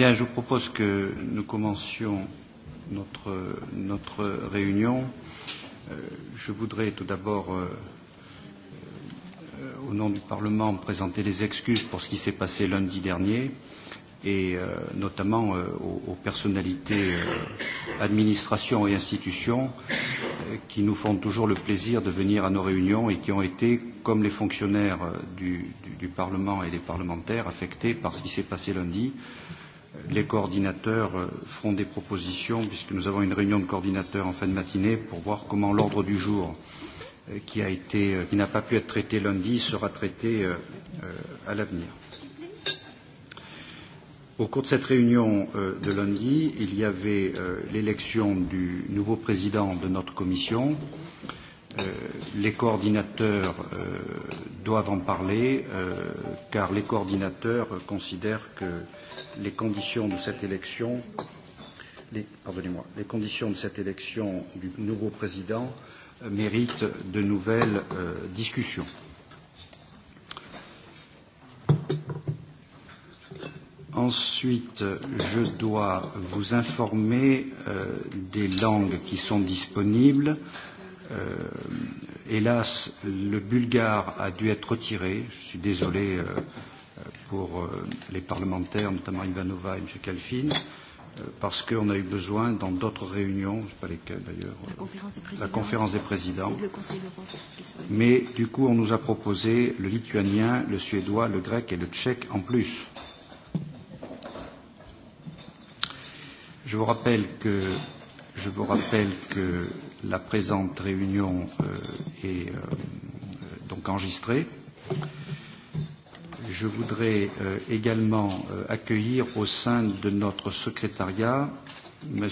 Bien, je vous propose que nous commencions notre, notre réunion. Je voudrais tout d'abord, au nom du Parlement, présenter les excuses pour ce qui s'est passé lundi dernier et euh, notamment euh, aux, aux personnalités euh, administration et institutions euh, qui nous font toujours le plaisir de venir à nos réunions et qui ont été, comme les fonctionnaires du, du, du Parlement et les parlementaires, affectés par ce qui s'est passé lundi. Euh, les coordinateurs feront des propositions, puisque nous avons une réunion de coordinateurs en fin de matinée, pour voir comment l'ordre du jour qui a été, qui n'a pas pu être traité lundi sera traité à l'avenir. Au cours de cette réunion de lundi, il y avait l'élection du nouveau président de notre commission, euh, les coordinateurs doivent en parler, car les coordinateurs considèrent que les conditions de cette élection, les, pardonnez-moi, les conditions de cette élection du nouveau président méritent de nouvelles discussions. Ensuite, je dois vous informer euh, des langues qui sont disponibles. Euh, hélas, le bulgare a dû être retiré. Je suis désolé pour les parlementaires, notamment Ivanova et M. Kalfin, parce qu'on a eu besoin, dans d'autres réunions, je ne sais pas lesquelles d'ailleurs, la conférence des présidents, mais du coup, on nous a proposé le lituanien, le suédois, le grec et le tchèque en plus. Je vous rappelle que, je vous rappelle que La présente réunion euh, est euh, donc enregistrée. Je voudrais euh, également euh, accueillir au sein de notre secrétariat M.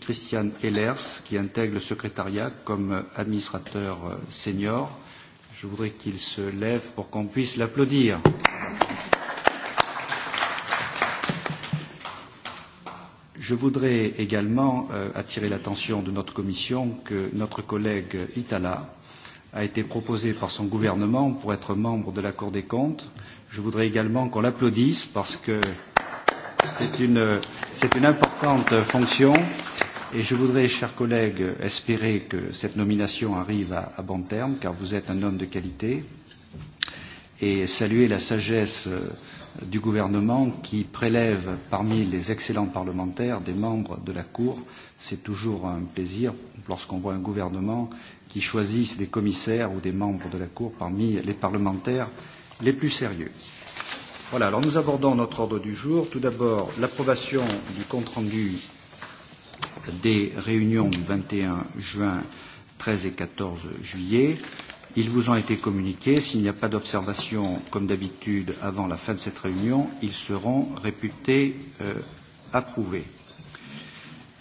Christian Ehlers, qui intègre le secrétariat comme administrateur senior. Je voudrais qu'il se lève pour qu'on puisse l'applaudir. Je voudrais également euh, attirer l'attention de notre commission que notre collègue Itala a été proposé par son gouvernement pour être membre de la Cour des comptes. Je voudrais également qu'on l'applaudisse parce que c'est une, c'est une importante fonction et je voudrais, chers collègues, espérer que cette nomination arrive à, à bon terme car vous êtes un homme de qualité et saluer la sagesse du gouvernement qui prélève parmi les excellents parlementaires des membres de la Cour. C'est toujours un plaisir lorsqu'on voit un gouvernement qui choisisse des commissaires ou des membres de la Cour parmi les parlementaires les plus sérieux. Voilà, alors nous abordons notre ordre du jour. Tout d'abord, l'approbation du compte-rendu des réunions du 21 juin, 13 et 14 juillet. Ils vous ont été communiqués. S'il n'y a pas d'observation, comme d'habitude, avant la fin de cette réunion, ils seront réputés euh, approuvés.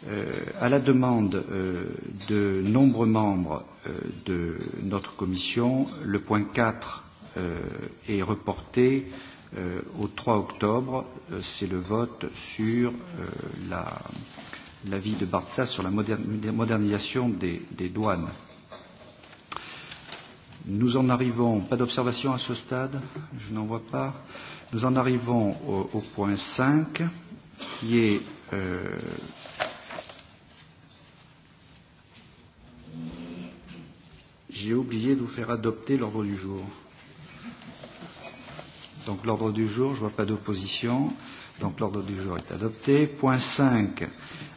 Euh, à la demande euh, de nombreux membres euh, de notre commission, le point 4 euh, est reporté euh, au 3 octobre. Euh, C'est le vote sur euh, la l'avis de Barça sur la modernisation des, des douanes. Nous en arrivons, pas d'observation à ce stade, je n'en vois pas. Nous en arrivons au, au point 5, qui est euh, J'ai oublié de vous faire adopter l'ordre du jour. Donc l'ordre du jour, je ne vois pas d'opposition. Donc l'ordre du jour est adopté. Point 5,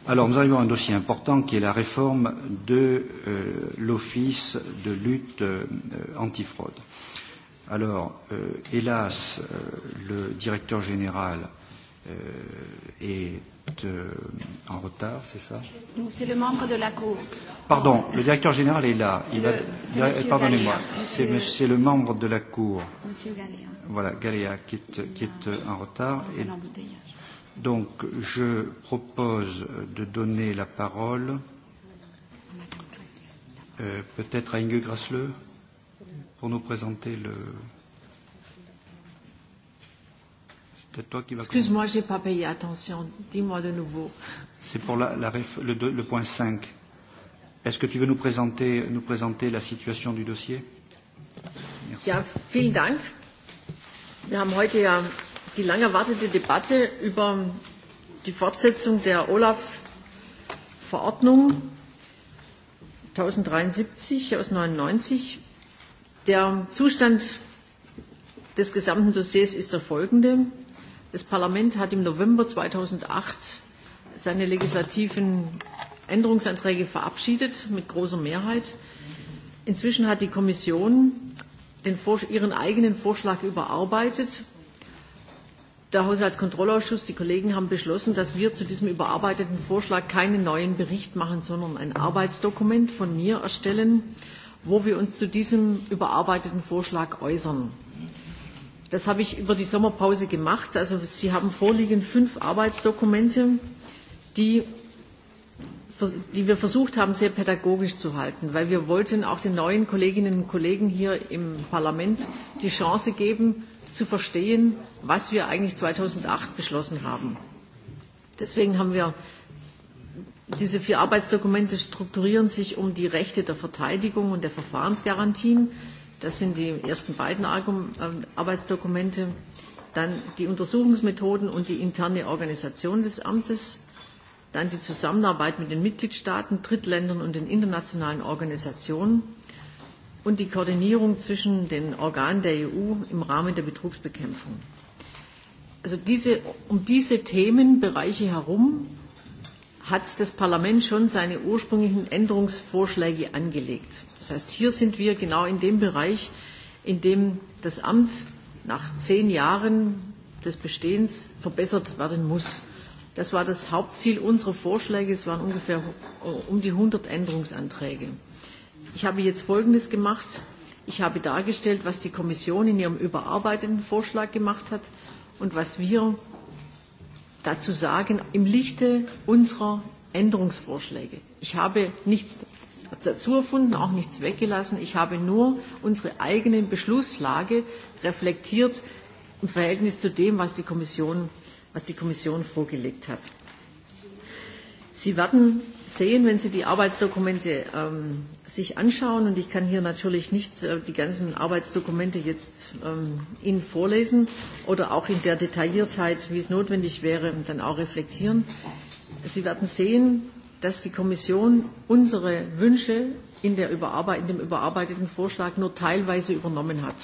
Alors, nous arrivons à un dossier important qui est la réforme de euh, l'Office de lutte euh, antifraude. Alors, euh, hélas, euh, le directeur général euh, est euh, en retard, c'est ça Non, c'est le membre de la Cour. Pardon, le directeur général est là. a, pardonnez-moi, c'est monsieur le membre de la Cour. Monsieur Galéa. Voilà, Galéa qui est, qui est en retard. Et, Donc, je propose de donner la parole euh, peut-être à Inge Grassleux pour nous présenter le. C'est toi qui va. Excuse-moi, je n'ai pas payé attention. Dis-moi de nouveau. C'est pour la, la ref, le, le point 5. Est-ce que tu veux nous présenter, nous présenter la situation du dossier Merci. Ja, vielen Dank. Wir haben heute ja die lang erwartete Debatte über die Fortsetzung der Olaf-Verordnung 1073 aus 99. Der Zustand des gesamten Dossiers ist der folgende. Das Parlament hat im November 2008 seine legislativen Änderungsanträge verabschiedet mit großer Mehrheit. Inzwischen hat die Kommission ihren eigenen Vorschlag überarbeitet der Haushaltskontrollausschuss, die Kollegen haben beschlossen, dass wir zu diesem überarbeiteten Vorschlag keinen neuen Bericht machen, sondern ein Arbeitsdokument von mir erstellen, wo wir uns zu diesem überarbeiteten Vorschlag äußern. Das habe ich über die Sommerpause gemacht. Also Sie haben vorliegen fünf Arbeitsdokumente, die, die wir versucht haben, sehr pädagogisch zu halten, weil wir wollten auch den neuen Kolleginnen und Kollegen hier im Parlament die Chance geben, zu verstehen, was wir eigentlich 2008 beschlossen haben. Deswegen haben wir diese vier Arbeitsdokumente strukturieren sich um die Rechte der Verteidigung und der Verfahrensgarantien. Das sind die ersten beiden Arbeitsdokumente. Dann die Untersuchungsmethoden und die interne Organisation des Amtes. Dann die Zusammenarbeit mit den Mitgliedstaaten, Drittländern und den internationalen Organisationen und die Koordinierung zwischen den Organen der EU im Rahmen der Betrugsbekämpfung. Also diese, um diese Themenbereiche herum hat das Parlament schon seine ursprünglichen Änderungsvorschläge angelegt. Das heißt, hier sind wir genau in dem Bereich, in dem das Amt nach zehn Jahren des Bestehens verbessert werden muss. Das war das Hauptziel unserer Vorschläge. Es waren ungefähr um die 100 Änderungsanträge. Ich habe jetzt Folgendes gemacht. Ich habe dargestellt, was die Kommission in ihrem überarbeiteten Vorschlag gemacht hat und was wir dazu sagen im Lichte unserer Änderungsvorschläge. Ich habe nichts dazu erfunden, auch nichts weggelassen. Ich habe nur unsere eigene Beschlusslage reflektiert im Verhältnis zu dem, was die Kommission, was die Kommission vorgelegt hat. Sie werden sehen, wenn Sie die Arbeitsdokumente ähm, sich anschauen. Und ich kann hier natürlich nicht äh, die ganzen Arbeitsdokumente jetzt ähm, Ihnen vorlesen oder auch in der Detailliertheit, wie es notwendig wäre, dann auch reflektieren. Sie werden sehen, dass die Kommission unsere Wünsche in, der Überarbeit in dem überarbeiteten Vorschlag nur teilweise übernommen hat.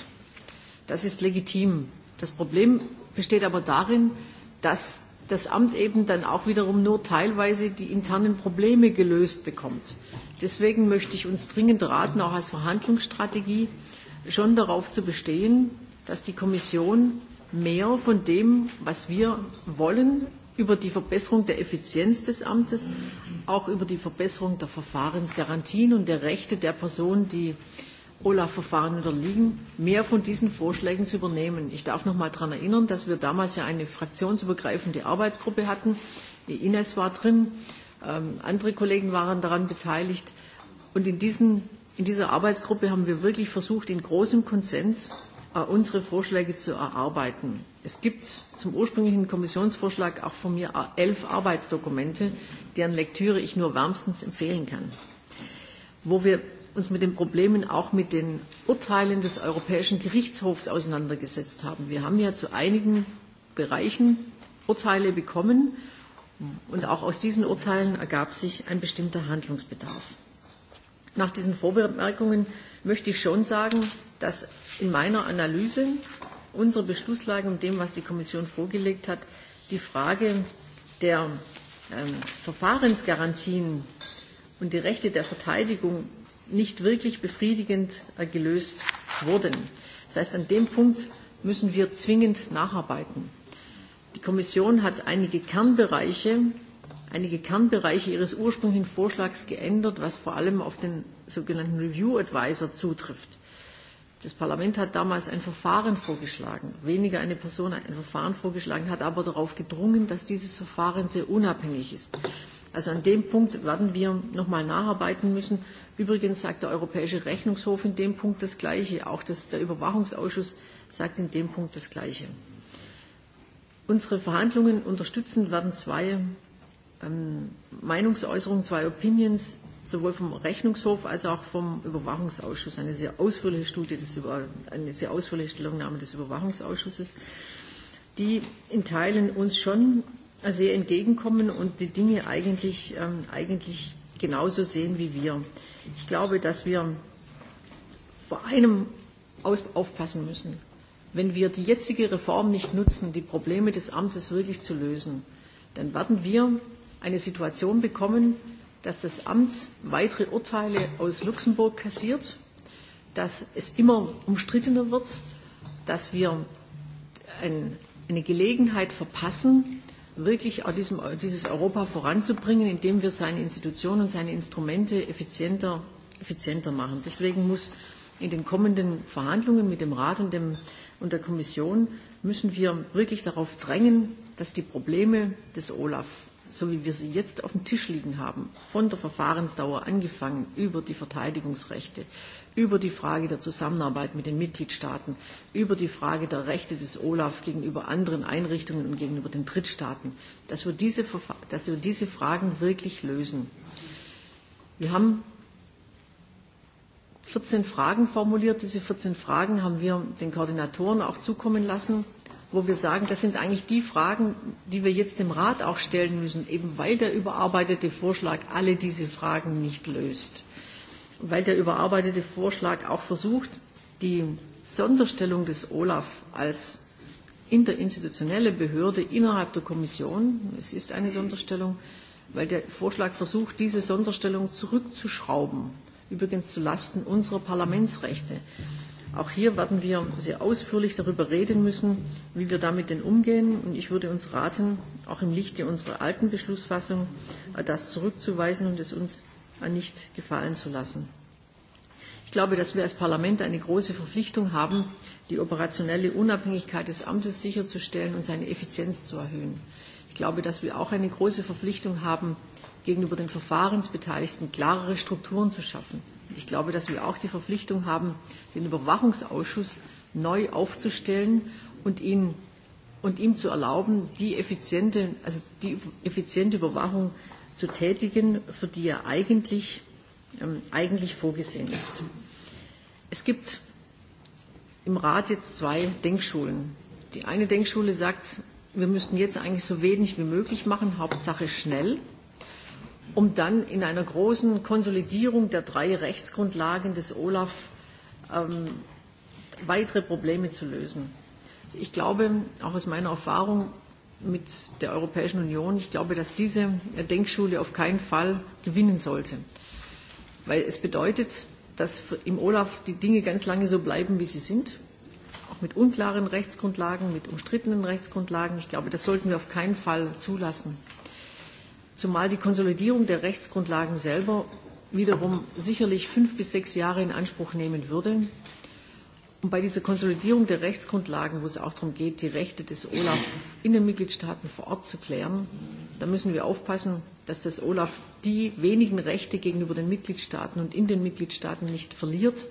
Das ist legitim. Das Problem besteht aber darin, dass das Amt eben dann auch wiederum nur teilweise die internen Probleme gelöst bekommt. Deswegen möchte ich uns dringend raten, auch als Verhandlungsstrategie schon darauf zu bestehen, dass die Kommission mehr von dem, was wir wollen, über die Verbesserung der Effizienz des Amtes, auch über die Verbesserung der Verfahrensgarantien und der Rechte der Personen, die Olaf-Verfahren unterliegen, mehr von diesen Vorschlägen zu übernehmen. Ich darf noch mal daran erinnern, dass wir damals ja eine fraktionsübergreifende Arbeitsgruppe hatten. Die Ines war drin, andere Kollegen waren daran beteiligt. Und in, diesen, in dieser Arbeitsgruppe haben wir wirklich versucht, in großem Konsens unsere Vorschläge zu erarbeiten. Es gibt zum ursprünglichen Kommissionsvorschlag auch von mir elf Arbeitsdokumente, deren Lektüre ich nur wärmstens empfehlen kann. Wo wir uns mit den Problemen auch mit den Urteilen des Europäischen Gerichtshofs auseinandergesetzt haben. Wir haben ja zu einigen Bereichen Urteile bekommen und auch aus diesen Urteilen ergab sich ein bestimmter Handlungsbedarf. Nach diesen Vorbemerkungen möchte ich schon sagen, dass in meiner Analyse unserer Beschlusslage und dem, was die Kommission vorgelegt hat, die Frage der Verfahrensgarantien und die Rechte der Verteidigung nicht wirklich befriedigend gelöst wurden. Das heißt, an dem Punkt müssen wir zwingend nacharbeiten. Die Kommission hat einige Kernbereiche, einige Kernbereiche ihres ursprünglichen Vorschlags geändert, was vor allem auf den sogenannten Review Advisor zutrifft. Das Parlament hat damals ein Verfahren vorgeschlagen, weniger eine Person ein Verfahren vorgeschlagen, hat aber darauf gedrungen, dass dieses Verfahren sehr unabhängig ist. Also an dem Punkt werden wir nochmal nacharbeiten müssen, Übrigens sagt der Europäische Rechnungshof in dem Punkt das Gleiche. Auch das, der Überwachungsausschuss sagt in dem Punkt das Gleiche. Unsere Verhandlungen unterstützen werden zwei ähm, Meinungsäußerungen, zwei Opinions, sowohl vom Rechnungshof als auch vom Überwachungsausschuss. Eine sehr ausführliche Studie des Über eine sehr ausführliche Stellungnahme des Überwachungsausschusses, die in Teilen uns schon sehr entgegenkommen und die Dinge eigentlich, ähm, eigentlich genauso sehen wie wir. Ich glaube, dass wir vor einem aufpassen müssen. Wenn wir die jetzige Reform nicht nutzen, die Probleme des Amtes wirklich zu lösen, dann werden wir eine Situation bekommen, dass das Amt weitere Urteile aus Luxemburg kassiert, dass es immer umstrittener wird, dass wir eine Gelegenheit verpassen, wirklich diesem, dieses Europa voranzubringen, indem wir seine Institutionen und seine Instrumente effizienter, effizienter machen. Deswegen muss in den kommenden Verhandlungen mit dem Rat und, dem, und der Kommission müssen wir wirklich darauf drängen, dass die Probleme des Olaf, so wie wir sie jetzt auf dem Tisch liegen haben, von der Verfahrensdauer angefangen über die Verteidigungsrechte, über die Frage der Zusammenarbeit mit den Mitgliedstaaten, über die Frage der Rechte des Olaf gegenüber anderen Einrichtungen und gegenüber den Drittstaaten, dass wir diese, dass wir diese Fragen wirklich lösen. Wir haben 14 Fragen formuliert. Diese 14 Fragen haben wir den Koordinatoren auch zukommen lassen, wo wir sagen, das sind eigentlich die Fragen, die wir jetzt dem Rat auch stellen müssen, eben weil der überarbeitete Vorschlag alle diese Fragen nicht löst weil der überarbeitete Vorschlag auch versucht, die Sonderstellung des Olaf als interinstitutionelle Behörde innerhalb der Kommission, es ist eine Sonderstellung, weil der Vorschlag versucht, diese Sonderstellung zurückzuschrauben, übrigens zu Lasten unserer Parlamentsrechte. Auch hier werden wir sehr ausführlich darüber reden müssen, wie wir damit denn umgehen. Und ich würde uns raten, auch im Lichte unserer alten Beschlussfassung das zurückzuweisen und es uns nicht gefallen zu lassen. Ich glaube, dass wir als Parlament eine große Verpflichtung haben, die operationelle Unabhängigkeit des Amtes sicherzustellen und seine Effizienz zu erhöhen. Ich glaube, dass wir auch eine große Verpflichtung haben, gegenüber den Verfahrensbeteiligten klarere Strukturen zu schaffen. Ich glaube, dass wir auch die Verpflichtung haben, den Überwachungsausschuss neu aufzustellen und ihn und ihm zu erlauben, die effiziente, also die effiziente Überwachung zu tätigen, für die er eigentlich, ähm, eigentlich vorgesehen ist. Es gibt im Rat jetzt zwei Denkschulen. Die eine Denkschule sagt, wir müssten jetzt eigentlich so wenig wie möglich machen, Hauptsache schnell, um dann in einer großen Konsolidierung der drei Rechtsgrundlagen des Olaf ähm, weitere Probleme zu lösen. Ich glaube, auch aus meiner Erfahrung, mit der Europäischen Union. Ich glaube, dass diese Denkschule auf keinen Fall gewinnen sollte, weil es bedeutet, dass im Olaf die Dinge ganz lange so bleiben, wie sie sind, auch mit unklaren Rechtsgrundlagen, mit umstrittenen Rechtsgrundlagen. Ich glaube, das sollten wir auf keinen Fall zulassen. Zumal die Konsolidierung der Rechtsgrundlagen selber wiederum sicherlich fünf bis sechs Jahre in Anspruch nehmen würde. Und bei dieser Konsolidierung der Rechtsgrundlagen, wo es auch darum geht, die Rechte des Olaf in den Mitgliedstaaten vor Ort zu klären, da müssen wir aufpassen, dass das Olaf die wenigen Rechte gegenüber den Mitgliedstaaten und in den Mitgliedstaaten nicht verliert,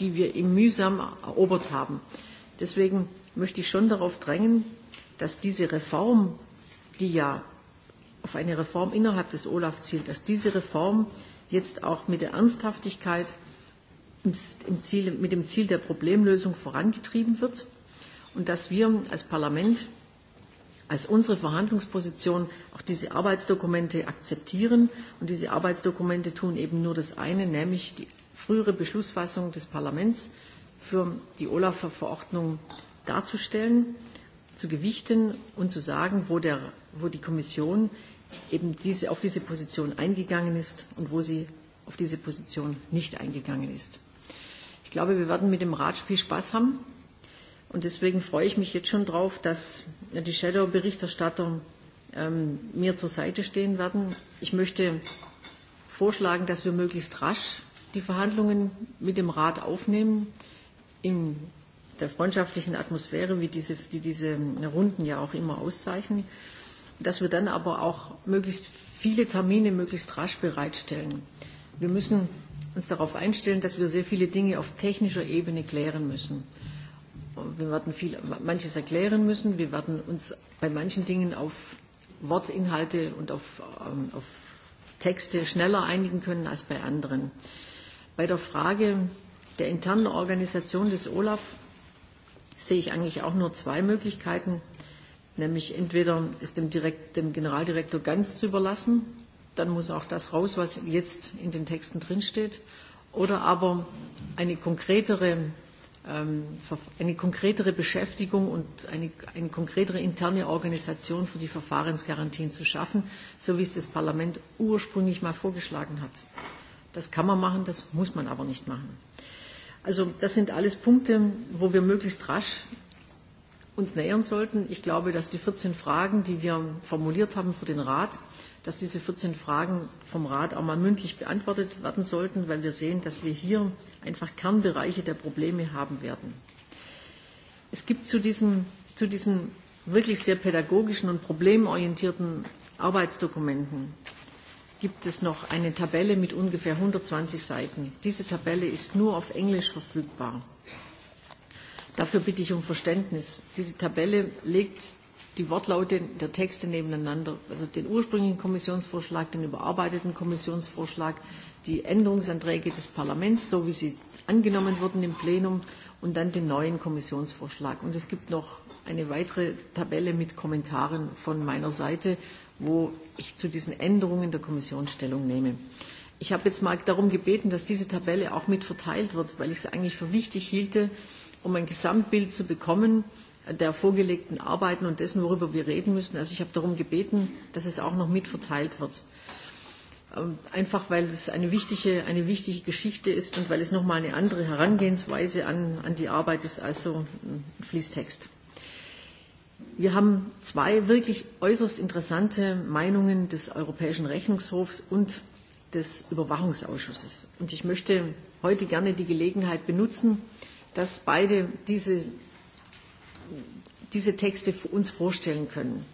die wir ihm mühsam erobert haben. Deswegen möchte ich schon darauf drängen, dass diese Reform, die ja auf eine Reform innerhalb des Olaf zielt, dass diese Reform jetzt auch mit der Ernsthaftigkeit im Ziel, mit dem Ziel der Problemlösung vorangetrieben wird und dass wir als Parlament als unsere Verhandlungsposition auch diese Arbeitsdokumente akzeptieren. Und diese Arbeitsdokumente tun eben nur das eine, nämlich die frühere Beschlussfassung des Parlaments für die Olaf-Verordnung darzustellen, zu gewichten und zu sagen, wo, der, wo die Kommission eben diese, auf diese Position eingegangen ist und wo sie auf diese Position nicht eingegangen ist glaube, wir werden mit dem Rat viel Spaß haben. Und deswegen freue ich mich jetzt schon darauf, dass die Shadow-Berichterstatter ähm, mir zur Seite stehen werden. Ich möchte vorschlagen, dass wir möglichst rasch die Verhandlungen mit dem Rat aufnehmen, in der freundschaftlichen Atmosphäre, wie diese, die diese Runden ja auch immer auszeichnen, dass wir dann aber auch möglichst viele Termine möglichst rasch bereitstellen. Wir müssen uns darauf einstellen, dass wir sehr viele Dinge auf technischer Ebene klären müssen. Wir werden viel, manches erklären müssen. Wir werden uns bei manchen Dingen auf Wortinhalte und auf, ähm, auf Texte schneller einigen können als bei anderen. Bei der Frage der internen Organisation des OLAF sehe ich eigentlich auch nur zwei Möglichkeiten, nämlich entweder es dem, Direkt, dem Generaldirektor ganz zu überlassen dann muss auch das raus, was jetzt in den Texten drinsteht. Oder aber eine konkretere, ähm, eine konkretere Beschäftigung und eine, eine konkretere interne Organisation für die Verfahrensgarantien zu schaffen, so wie es das Parlament ursprünglich mal vorgeschlagen hat. Das kann man machen, das muss man aber nicht machen. Also das sind alles Punkte, wo wir möglichst rasch uns nähern sollten. Ich glaube, dass die 14 Fragen, die wir formuliert haben für den Rat, dass diese 14 Fragen vom Rat auch mal mündlich beantwortet werden sollten, weil wir sehen, dass wir hier einfach Kernbereiche der Probleme haben werden. Es gibt zu diesem, zu diesen wirklich sehr pädagogischen und problemorientierten Arbeitsdokumenten gibt es noch eine Tabelle mit ungefähr 120 Seiten. Diese Tabelle ist nur auf Englisch verfügbar. Dafür bitte ich um Verständnis. Diese Tabelle legt die Wortlaute der Texte nebeneinander, also den ursprünglichen Kommissionsvorschlag, den überarbeiteten Kommissionsvorschlag, die Änderungsanträge des Parlaments, so wie sie angenommen wurden im Plenum, und dann den neuen Kommissionsvorschlag. Und es gibt noch eine weitere Tabelle mit Kommentaren von meiner Seite, wo ich zu diesen Änderungen der Kommission Stellung nehme. Ich habe jetzt mal darum gebeten, dass diese Tabelle auch mit verteilt wird, weil ich sie eigentlich für wichtig hielte, um ein Gesamtbild zu bekommen, der vorgelegten Arbeiten und dessen, worüber wir reden müssen. Also ich habe darum gebeten, dass es auch noch mit verteilt wird. Einfach weil es eine wichtige, eine wichtige Geschichte ist und weil es nochmal eine andere Herangehensweise an, an die Arbeit ist also ein Fließtext. Wir haben zwei wirklich äußerst interessante Meinungen des Europäischen Rechnungshofs und des Überwachungsausschusses. Und ich möchte heute gerne die Gelegenheit benutzen, dass beide diese diese Texte für uns vorstellen können.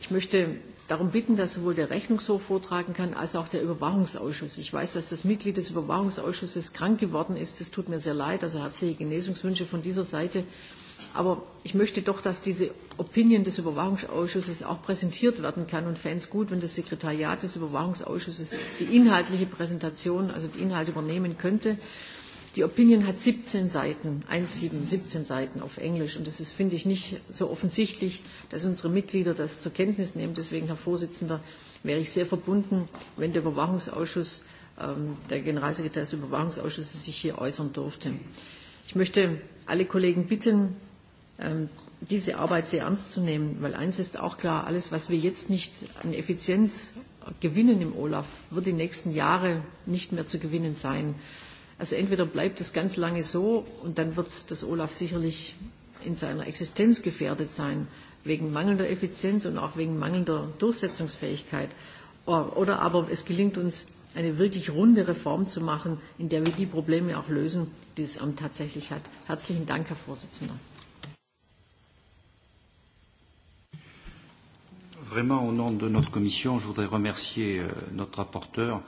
Ich möchte darum bitten, dass sowohl der Rechnungshof vortragen kann, als auch der Überwachungsausschuss. Ich weiß, dass das Mitglied des Überwachungsausschusses krank geworden ist. Das tut mir sehr leid. Also herzliche Genesungswünsche von dieser Seite. Aber ich möchte doch, dass diese Opinion des Überwachungsausschusses auch präsentiert werden kann und fände es gut, wenn das Sekretariat des Überwachungsausschusses die inhaltliche Präsentation, also die Inhalte übernehmen könnte. Die Opinion hat 17 Seiten, 17, 17 Seiten auf Englisch. Und das ist, finde ich, nicht so offensichtlich, dass unsere Mitglieder das zur Kenntnis nehmen. Deswegen, Herr Vorsitzender, wäre ich sehr verbunden, wenn der Überwachungsausschuss, der Generalsekretär des Überwachungsausschusses sich hier äußern dürfte. Ich möchte alle Kollegen bitten, diese Arbeit sehr ernst zu nehmen, weil eins ist auch klar, alles, was wir jetzt nicht an Effizienz gewinnen im Olaf, wird die nächsten Jahre nicht mehr zu gewinnen sein. Also entweder bleibt es ganz lange so und dann wird das Olaf sicherlich in seiner Existenz gefährdet sein, wegen mangelnder Effizienz und auch wegen mangelnder Durchsetzungsfähigkeit. Oder aber es gelingt uns, eine wirklich runde Reform zu machen, in der wir die Probleme auch lösen, die das Amt tatsächlich hat. Herzlichen Dank, Herr Vorsitzender. Vraiment, au nom de notre commission, je voudrais remercier notre rapporteur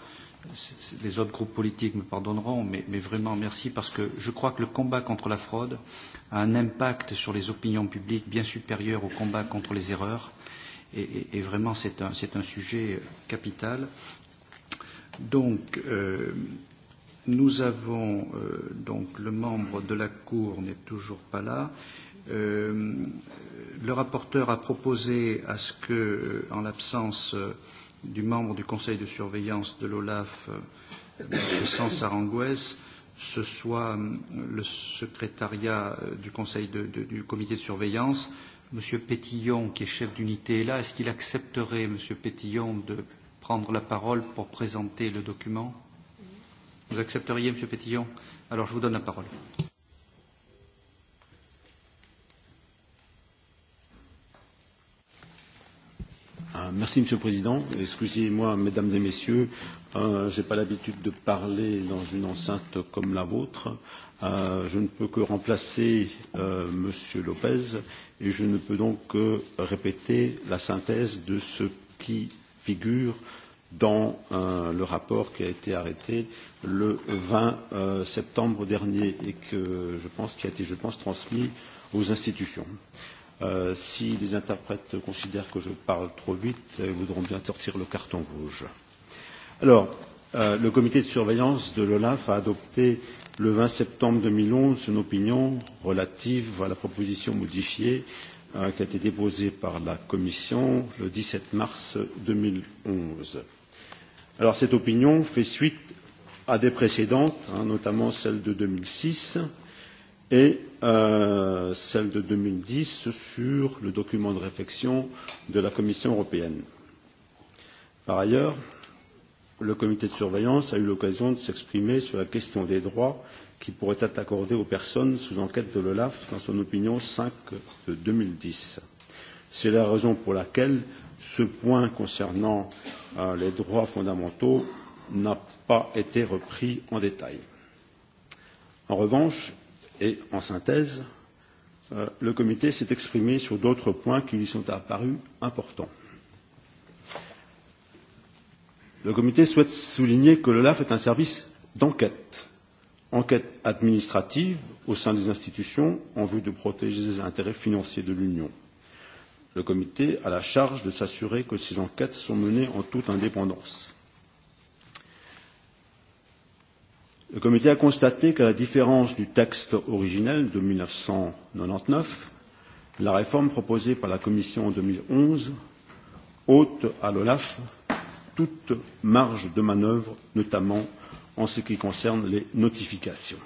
les autres groupes politiques me pardonneront, mais, mais vraiment merci parce que je crois que le combat contre la fraude a un impact sur les opinions publiques bien supérieur au combat contre les erreurs. Et, et, et vraiment, c'est un, un sujet capital. Donc, euh, nous avons euh, donc le membre de la Cour n'est toujours pas là. Euh, le rapporteur a proposé à ce que, en l'absence euh, du membre du conseil de surveillance de l'OLAF, M. Sansaranguès, ce soit le secrétariat du conseil de, de, du comité de surveillance. M. Pétillon, qui est chef d'unité, est là. Est-ce qu'il accepterait, M. Pétillon, de prendre la parole pour présenter le document Vous accepteriez, M. Pétillon Alors, je vous donne la parole. Merci, Monsieur le Président. Excusez-moi, Mesdames et Messieurs, euh, je n'ai pas l'habitude de parler dans une enceinte comme la vôtre. Euh, je ne peux que remplacer euh, Monsieur Lopez et je ne peux donc que répéter la synthèse de ce qui figure dans euh, le rapport qui a été arrêté le 20 euh, septembre dernier et que je pense qui a été, je pense, transmis aux institutions. Euh, si les interprètes considèrent que je parle trop vite, ils voudront bien sortir le carton rouge. Alors, euh, le comité de surveillance de l'OLAF a adopté le 20 septembre 2011 une opinion relative à la proposition modifiée euh, qui a été déposée par la Commission le 17 mars 2011. Alors cette opinion fait suite à des précédentes, hein, notamment celle de 2006, et celle de deux mille dix sur le document de réflexion de la Commission européenne. Par ailleurs, le comité de surveillance a eu l'occasion de s'exprimer sur la question des droits qui pourraient être accordés aux personnes sous enquête de l'OLAF dans son opinion cinq de deux mille dix. C'est la raison pour laquelle ce point concernant les droits fondamentaux n'a pas été repris en détail. En revanche, Et en synthèse, le comité s'est exprimé sur d'autres points qui lui sont apparus importants. Le comité souhaite souligner que l'OLAF est un service d'enquête, enquête administrative au sein des institutions en vue de protéger les intérêts financiers de l'Union. Le comité a la charge de s'assurer que ces enquêtes sont menées en toute indépendance. Le comité a constaté qu'à la différence du texte originel de 1999, la réforme proposée par la Commission en 2011 ôte à l'OLAF toute marge de manœuvre, notamment en ce qui concerne les notifications.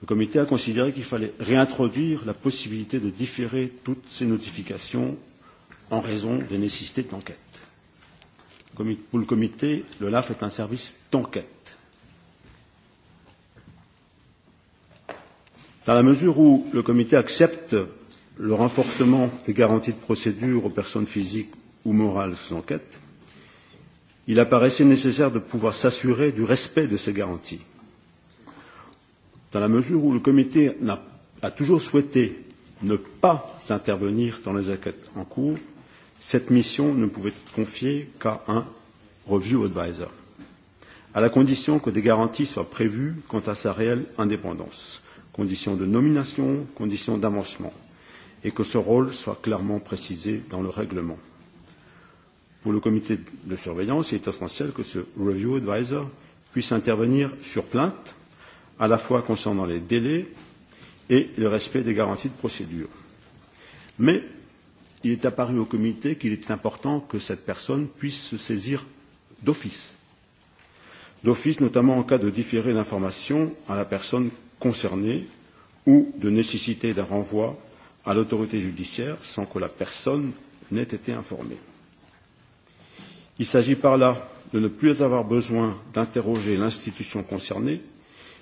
Le comité a considéré qu'il fallait réintroduire la possibilité de différer toutes ces notifications en raison des nécessités d'enquête. Pour le comité, l'OLAF est un service d'enquête Dans la mesure où le comité accepte le renforcement des garanties de procédure aux personnes physiques ou morales sous enquête, il apparaissait nécessaire de pouvoir s'assurer du respect de ces garanties. Dans la mesure où le comité a, a toujours souhaité ne pas intervenir dans les enquêtes en cours, cette mission ne pouvait être confiée qu'à un review advisor, à la condition que des garanties soient prévues quant à sa réelle indépendance conditions de nomination, conditions d'avancement, et que ce rôle soit clairement précisé dans le règlement. Pour le comité de surveillance, il est essentiel que ce review advisor puisse intervenir sur plainte, à la fois concernant les délais et le respect des garanties de procédure. Mais il est apparu au comité qu'il était important que cette personne puisse se saisir d'office, d'office notamment en cas de différé d'information à la personne concernée ou de nécessité d'un renvoi à l'autorité judiciaire sans que la personne n'ait été informée. Il s'agit par là de ne plus avoir besoin d'interroger l'institution concernée,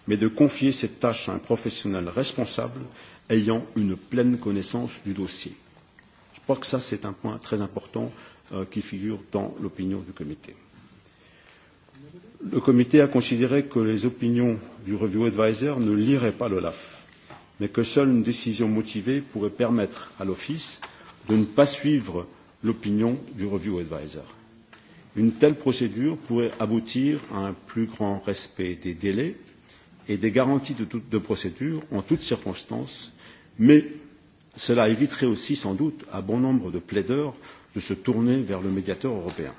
mais de confier cette tâche à un professionnel responsable ayant une pleine connaissance du dossier. Je crois que ça, c'est un point très important euh, qui figure dans l'opinion du comité. Le comité a considéré que les opinions du Review Advisor ne lierait pas l'OLAF, mais que seule une décision motivée pourrait permettre à l'Office de ne pas suivre l'opinion du Review Advisor. Une telle procédure pourrait aboutir à un plus grand respect des délais et des garanties de, toute, de procédure en toutes circonstances, mais cela éviterait aussi sans doute à bon nombre de plaideurs de se tourner vers le médiateur européen.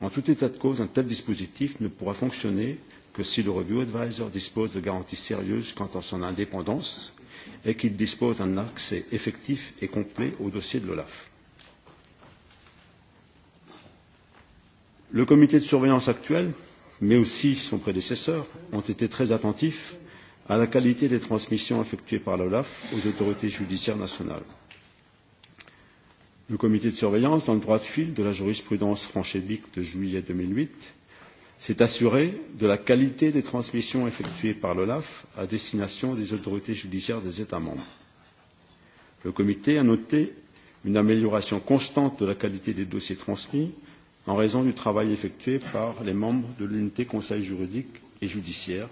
En tout état de cause, un tel dispositif ne pourra fonctionner que si le review advisor dispose de garanties sérieuses quant à son indépendance et qu'il dispose d'un accès effectif et complet au dossier de l'OLAF. Le comité de surveillance actuel, mais aussi son prédécesseur, ont été très attentifs à la qualité des transmissions effectuées par l'OLAF aux autorités judiciaires nationales. Le comité de surveillance, dans le droit de fil de la jurisprudence Franchébique de juillet 2008, s'est assuré de la qualité des transmissions effectuées par l'OLAF à destination des autorités judiciaires des États membres. Le comité a noté une amélioration constante de la qualité des dossiers transmis en raison du travail effectué par les membres de l'unité conseil juridique et judiciaire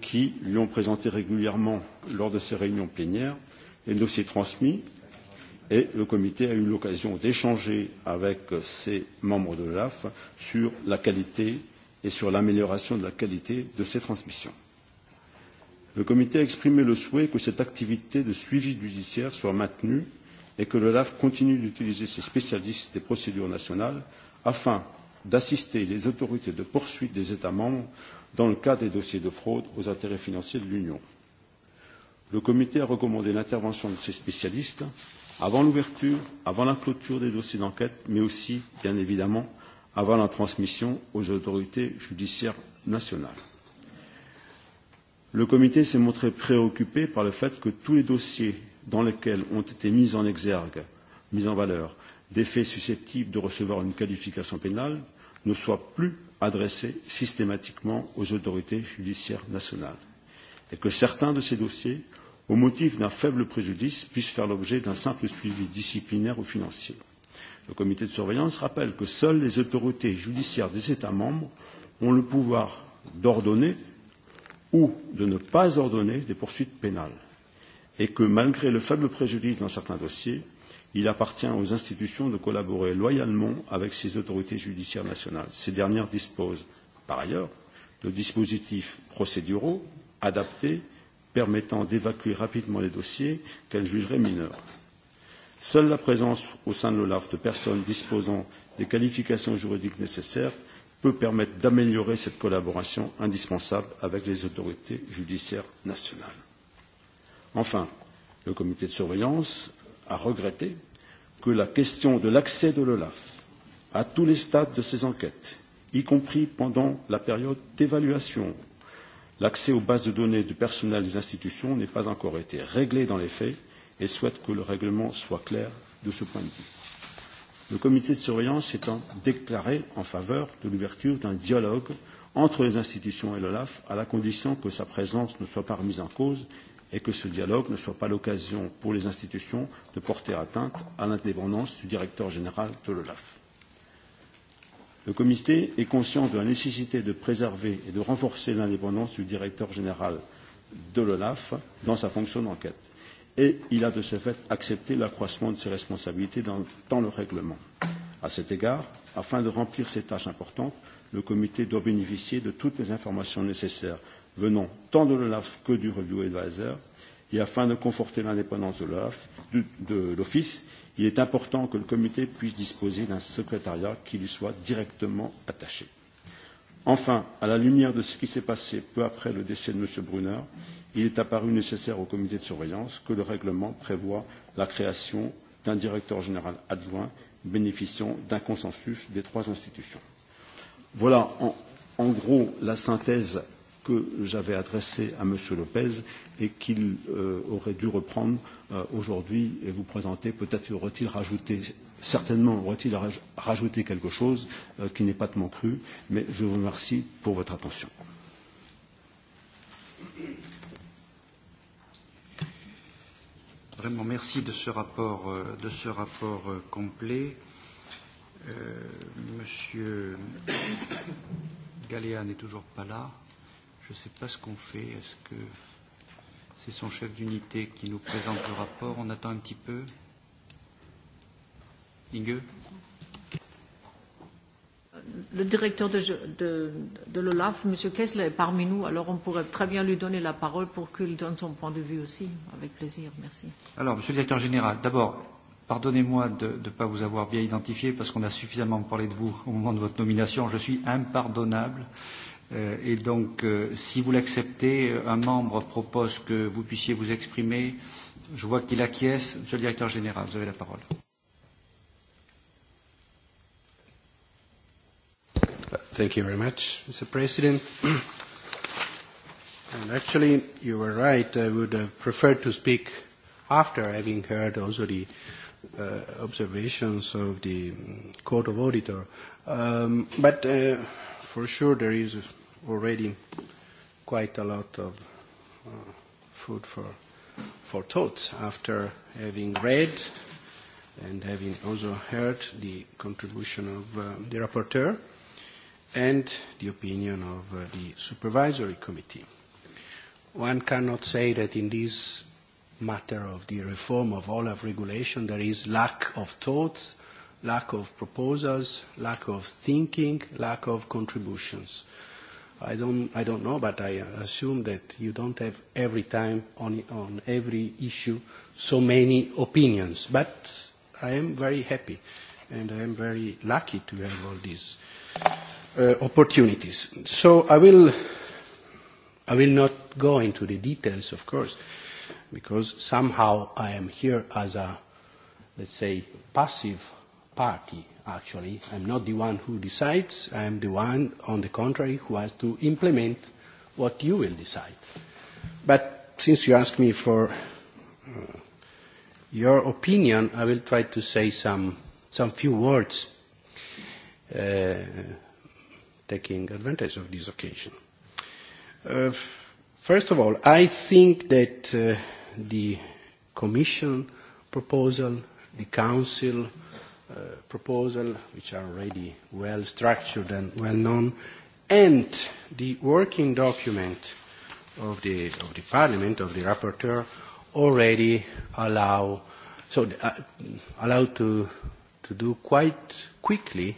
qui lui ont présenté régulièrement lors de ses réunions plénières les dossiers transmis et le comité a eu l'occasion d'échanger avec ses membres de l'OLAF sur la qualité et sur l'amélioration de la qualité de ces transmissions. Le comité a exprimé le souhait que cette activité de suivi judiciaire soit maintenue et que le LAF continue d'utiliser ses spécialistes des procédures nationales afin d'assister les autorités de poursuite des États membres dans le cas des dossiers de fraude aux intérêts financiers de l'Union. Le comité a recommandé l'intervention de ces spécialistes avant l'ouverture, avant la clôture des dossiers d'enquête, mais aussi, bien évidemment, avant la transmission aux autorités judiciaires nationales. Le comité s'est montré préoccupé par le fait que tous les dossiers dans lesquels ont été mis en exergue, mis en valeur, des faits susceptibles de recevoir une qualification pénale ne soient plus adressés systématiquement aux autorités judiciaires nationales et que certains de ces dossiers, au motif d'un faible préjudice, puissent faire l'objet d'un simple suivi disciplinaire ou financier. Le comité de surveillance rappelle que seules les autorités judiciaires des États membres ont le pouvoir d'ordonner ou de ne pas ordonner des poursuites pénales et que, malgré le faible préjudice dans certains dossiers, il appartient aux institutions de collaborer loyalement avec ces autorités judiciaires nationales. Ces dernières disposent, par ailleurs, de dispositifs procéduraux adaptés permettant d'évacuer rapidement les dossiers qu'elles jugeraient mineurs. Seule la présence au sein de l'OLAF de personnes disposant des qualifications juridiques nécessaires peut permettre d'améliorer cette collaboration indispensable avec les autorités judiciaires nationales. Enfin, le comité de surveillance a regretté que la question de l'accès de l'OLAF à tous les stades de ses enquêtes, y compris pendant la période d'évaluation, l'accès aux bases de données du personnel des institutions n'ait pas encore été réglé dans les faits et souhaite que le règlement soit clair de ce point de vue. Le comité de surveillance étant déclaré en faveur de l'ouverture d'un dialogue entre les institutions et l'OLAF, à la condition que sa présence ne soit pas remise en cause et que ce dialogue ne soit pas l'occasion pour les institutions de porter atteinte à l'indépendance du directeur général de l'OLAF. Le comité est conscient de la nécessité de préserver et de renforcer l'indépendance du directeur général de l'OLAF dans sa fonction d'enquête et il a de ce fait accepté l'accroissement de ses responsabilités dans, dans le règlement. À cet égard, afin de remplir ces tâches importantes, le comité doit bénéficier de toutes les informations nécessaires venant tant de l'OLAF que du Review Advisor, et afin de conforter l'indépendance de l'Office, il est important que le comité puisse disposer d'un secrétariat qui lui soit directement attaché. Enfin, à la lumière de ce qui s'est passé peu après le décès de M. Brunner, il est apparu nécessaire au comité de surveillance que le règlement prévoie la création d'un directeur général adjoint bénéficiant d'un consensus des trois institutions. Voilà en, en gros la synthèse que j'avais adressée à M. Lopez et qu'il euh, aurait dû reprendre euh, aujourd'hui et vous présenter. Peut-être aurait-il rajouté, certainement aurait-il rajouté quelque chose euh, qui n'est pas de mon cru, mais je vous remercie pour votre attention. vraiment merci de ce rapport, euh, de ce rapport euh, complet. Euh, monsieur Galéa n'est toujours pas là. Je ne sais pas ce qu'on fait. Est-ce que c'est son chef d'unité qui nous présente le rapport On attend un petit peu. Inge le directeur de, de, de l'OLAF, M. Kessler, est parmi nous, alors on pourrait très bien lui donner la parole pour qu'il donne son point de vue aussi, avec plaisir. Merci. Alors, Monsieur le directeur général, d'abord, pardonnez-moi de ne pas vous avoir bien identifié parce qu'on a suffisamment parlé de vous au moment de votre nomination. Je suis impardonnable. Euh, et donc, euh, si vous l'acceptez, un membre propose que vous puissiez vous exprimer. Je vois qu'il acquiesce. Monsieur le directeur général, vous avez la parole. Thank you very much, Mr. President. And actually, you were right. I would have preferred to speak after having heard also the uh, observations of the Court of Auditor. Um, but uh, for sure, there is already quite a lot of uh, food for, for thought after having read and having also heard the contribution of um, the rapporteur and the opinion of uh, the supervisory committee. One cannot say that in this matter of the reform of OLAF regulation there is lack of thoughts, lack of proposals, lack of thinking, lack of contributions. I don't, I don't know, but I assume that you don't have every time on, on every issue so many opinions. But I am very happy and I am very lucky to have all these opportunities. So I will, I will not go into the details, of course, because somehow I am here as a, let's say, passive party, actually. I'm not the one who decides. I am the one, on the contrary, who has to implement what you will decide. But since you asked me for uh, your opinion, I will try to say some, some few words. Uh, taking advantage of this occasion. Uh, first of all, I think that uh, the Commission proposal, the Council uh, proposal, which are already well structured and well known, and the working document of the, of the Parliament, of the Rapporteur, already allow, so uh, allow to, to do quite quickly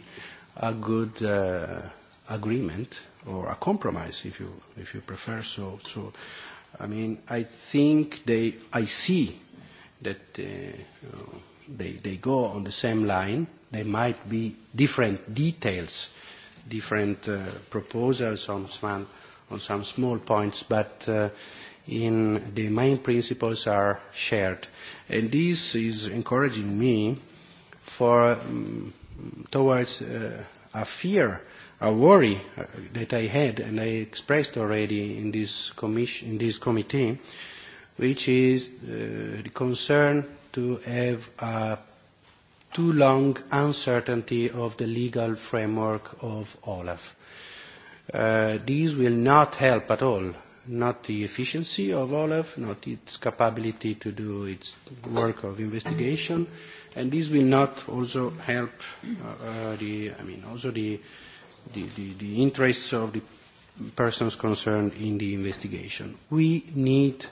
a good uh, agreement or a compromise, if you if you prefer. So, so I mean, I think they, I see that uh, they they go on the same line. There might be different details, different uh, proposals on some on some small points, but. Uh, in the main principles are shared. And this is encouraging me for um, towards uh, a fear a worry that I had and I expressed already in this, commission, in this committee, which is uh, the concern to have a too long uncertainty of the legal framework of Olaf. Uh, these will not help at all, not the efficiency of Olaf, not its capability to do its work of investigation, and this will not also help uh, the, I mean, also the uh, the, the, the interests of the persons concerned in the investigation. We need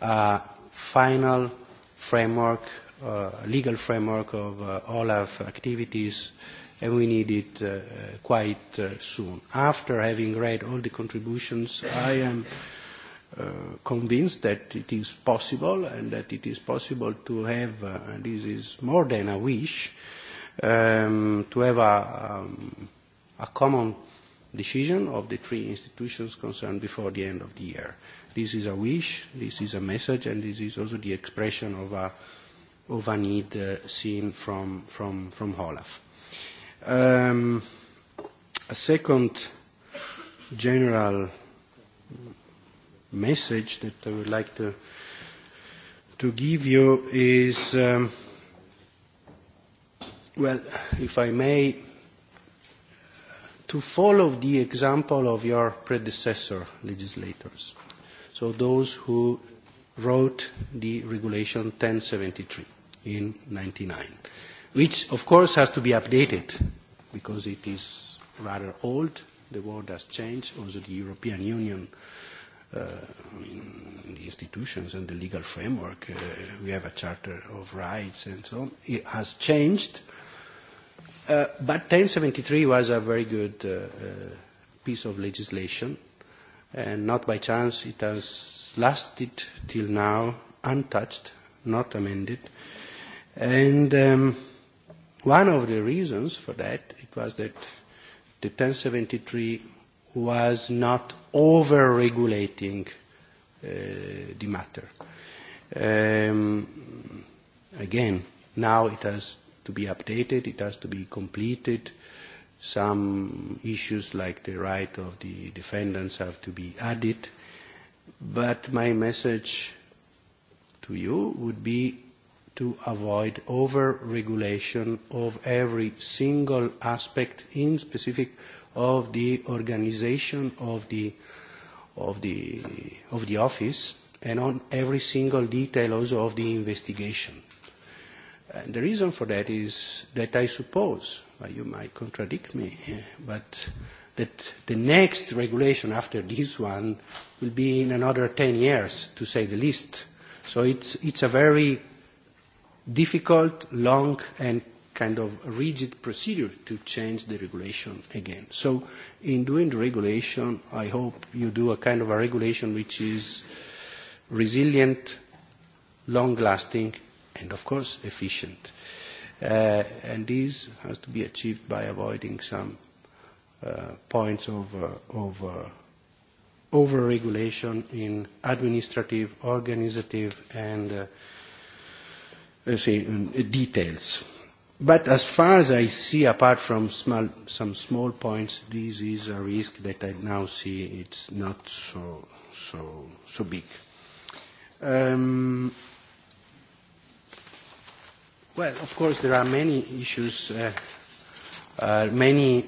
a final framework, uh, legal framework of uh, OLAF activities, and we need it uh, quite uh, soon. After having read all the contributions, I am uh, convinced that it is possible and that it is possible to have, uh, this is more than a wish, um, to have a um, a common decision of the three institutions concerned before the end of the year. This is a wish, this is a message, and this is also the expression of a, of a need uh, seen from, from, from Olaf. Um, a second general message that I would like to, to give you is, um, well, if I may, to follow the example of your predecessor legislators, so those who wrote the regulation 1073 in 99, which of course has to be updated because it is rather old. The world has changed. Also, the European Union, uh, the institutions and the legal framework, uh, we have a Charter of Rights and so on. It has changed Uh, but 1073 was a very good uh, uh, piece of legislation, and not by chance it has lasted till now untouched, not amended. And um, one of the reasons for that it was that the 1073 was not over-regulating uh, the matter. Um, again, now it has to be updated, it has to be completed. Some issues like the right of the defendants have to be added. But my message to you would be to avoid over-regulation of every single aspect in specific of the organization of the, of the, of the office and on every single detail also of the investigation And the reason for that is that I suppose, well, you might contradict me, but that the next regulation after this one will be in another 10 years, to say the least. So it's, it's a very difficult, long, and kind of rigid procedure to change the regulation again. So in doing the regulation, I hope you do a kind of a regulation which is resilient, long-lasting, and, of course, efficient. Uh, and this has to be achieved by avoiding some uh, points of, uh, of uh, over-regulation in administrative, organizative, and uh, let's say, um, details. But as far as I see, apart from small, some small points, this is a risk that I now see it's not so, so, so big. Um, Well, of course, there are many issues, uh, uh, many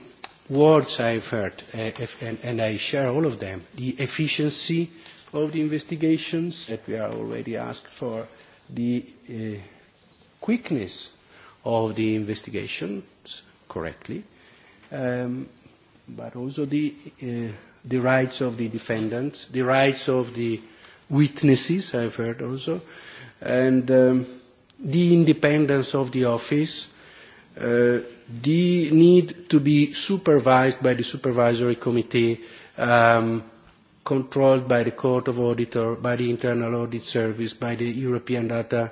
words I've heard, uh, if, and, and I share all of them. The efficiency of the investigations that we are already asked for, the uh, quickness of the investigations correctly, um, but also the, uh, the rights of the defendants, the rights of the witnesses, I've heard also, and um, the independence of the office, uh, the need to be supervised by the supervisory committee, um, controlled by the Court of Auditor, by the Internal Audit Service, by the European Data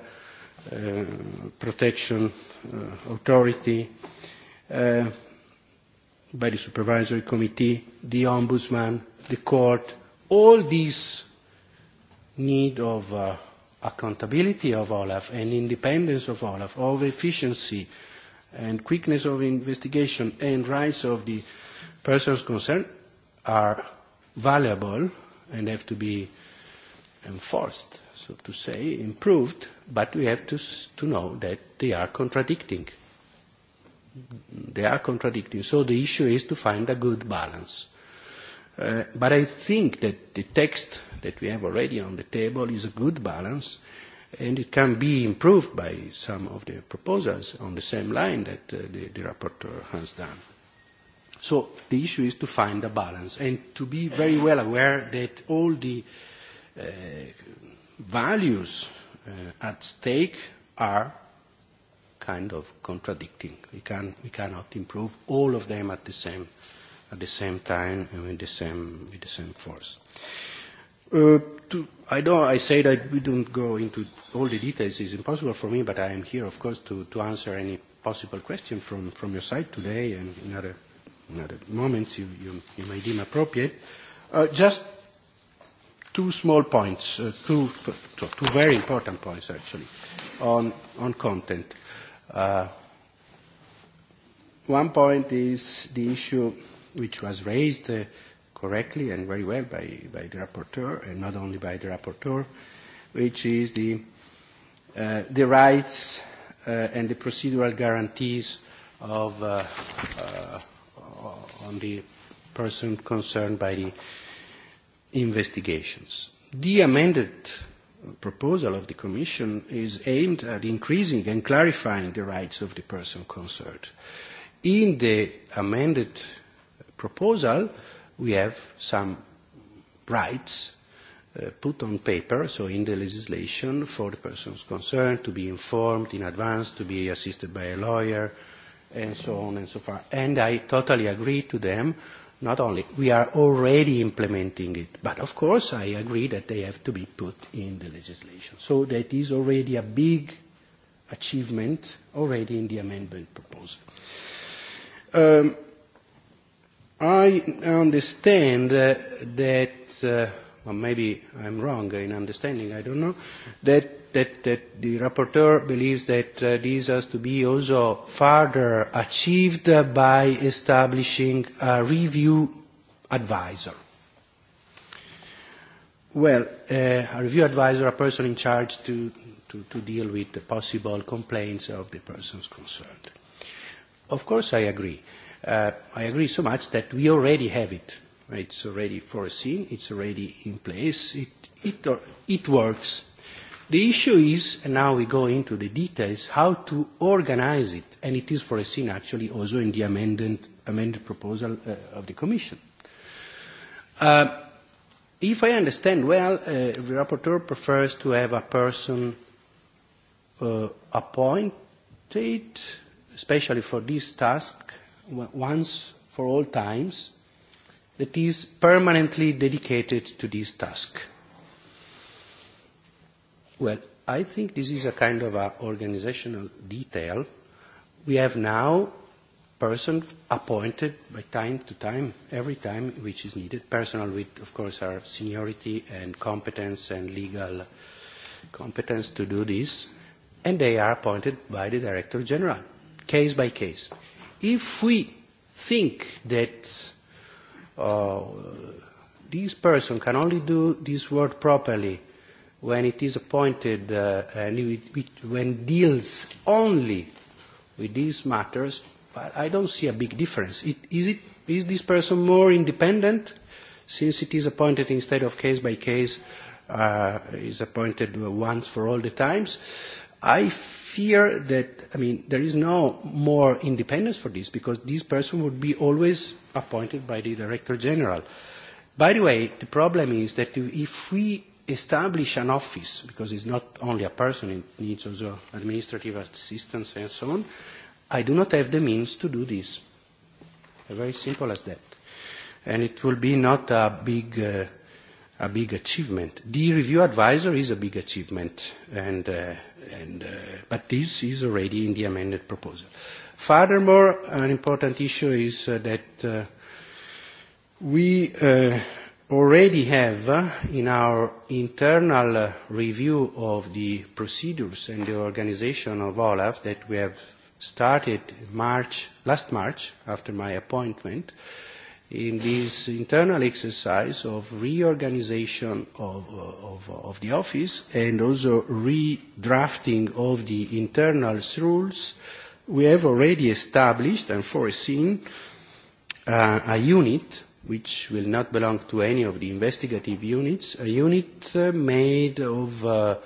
uh, Protection uh, Authority, uh, by the Supervisory Committee, the Ombudsman, the Court, all these need of uh, accountability of Olaf and independence of Olaf, of efficiency and quickness of investigation and rights of the persons concerned are valuable and have to be enforced, so to say, improved, but we have to, to know that they are contradicting. They are contradicting. So the issue is to find a good balance. Uh, but I think that the text that we have already on the table is a good balance, and it can be improved by some of the proposals on the same line that uh, the, the rapporteur has done. So the issue is to find a balance and to be very well aware that all the uh, values uh, at stake are kind of contradicting. We, can, we cannot improve all of them at the same, at the same time and with the same, with the same force. Uh, Uh, to, I don't. I say that we don't go into all the details. It's impossible for me, but I am here, of course, to, to answer any possible question from, from your side today and in other, in other moments you, you, you may deem appropriate. Uh, just two small points, uh, two, two, two very important points actually, on, on content. Uh, one point is the issue which was raised, uh, correctly and very well by, by the rapporteur, and not only by the rapporteur, which is the, uh, the rights uh, and the procedural guarantees of, uh, uh, on the person concerned by the investigations. The amended proposal of the Commission is aimed at increasing and clarifying the rights of the person concerned. In the amended proposal, uh, we have some rights uh, put on paper, so in the legislation, for the persons concerned to be informed in advance, to be assisted by a lawyer, and so on and so far. And I totally agree to them. Not only we are already implementing it, but of course I agree that they have to be put in the legislation. So that is already a big achievement already in the amendment proposal. Um, I understand uh, that, uh, well, maybe I'm wrong in understanding, I don't know, that, that, that the rapporteur believes that uh, this has to be also further achieved by establishing a review advisor. Well, uh, a review advisor, a person in charge to, to, to deal with the possible complaints of the persons concerned. Of course, I agree. Uh, Uh, I agree so much that we already have it. It's already foreseen. It's already in place. It, it, it works. The issue is, and now we go into the details, how to organize it, and it is foreseen actually also in the amended, amended proposal uh, of the Commission. Uh, if I understand well, uh, the rapporteur prefers to have a person uh, appointed, especially for this task, once for all times that is permanently dedicated to this task. Well, I think this is a kind of a organizational detail. We have now person appointed by time to time, every time which is needed, personal with, of course, our seniority and competence and legal competence to do this, and they are appointed by the Director General, case by case if we think that uh, this person can only do this work properly when it is appointed uh, and it, it, when deals only with these matters, but I don't see a big difference. It, is, it, is this person more independent since it is appointed instead of case by case, uh, is appointed once for all the times? I fear that, I mean, there is no more independence for this because this person would be always appointed by the Director General. By the way, the problem is that if we establish an office, because it's not only a person, it needs also administrative assistance and so on, I do not have the means to do this. Very simple as that. And it will be not a big, uh, a big achievement. The review advisor is a big achievement, and uh, And, uh, but this is already in the amended proposal. Furthermore, an important issue is uh, that uh, we uh, already have uh, in our internal uh, review of the procedures and the organization of OLAF that we have started March, last March after my appointment, uh, in this internal exercise of reorganization of, of, of the office and also redrafting of the internal rules, we have already established and foreseen uh, a unit which will not belong to any of the investigative units, a unit uh, made of uh,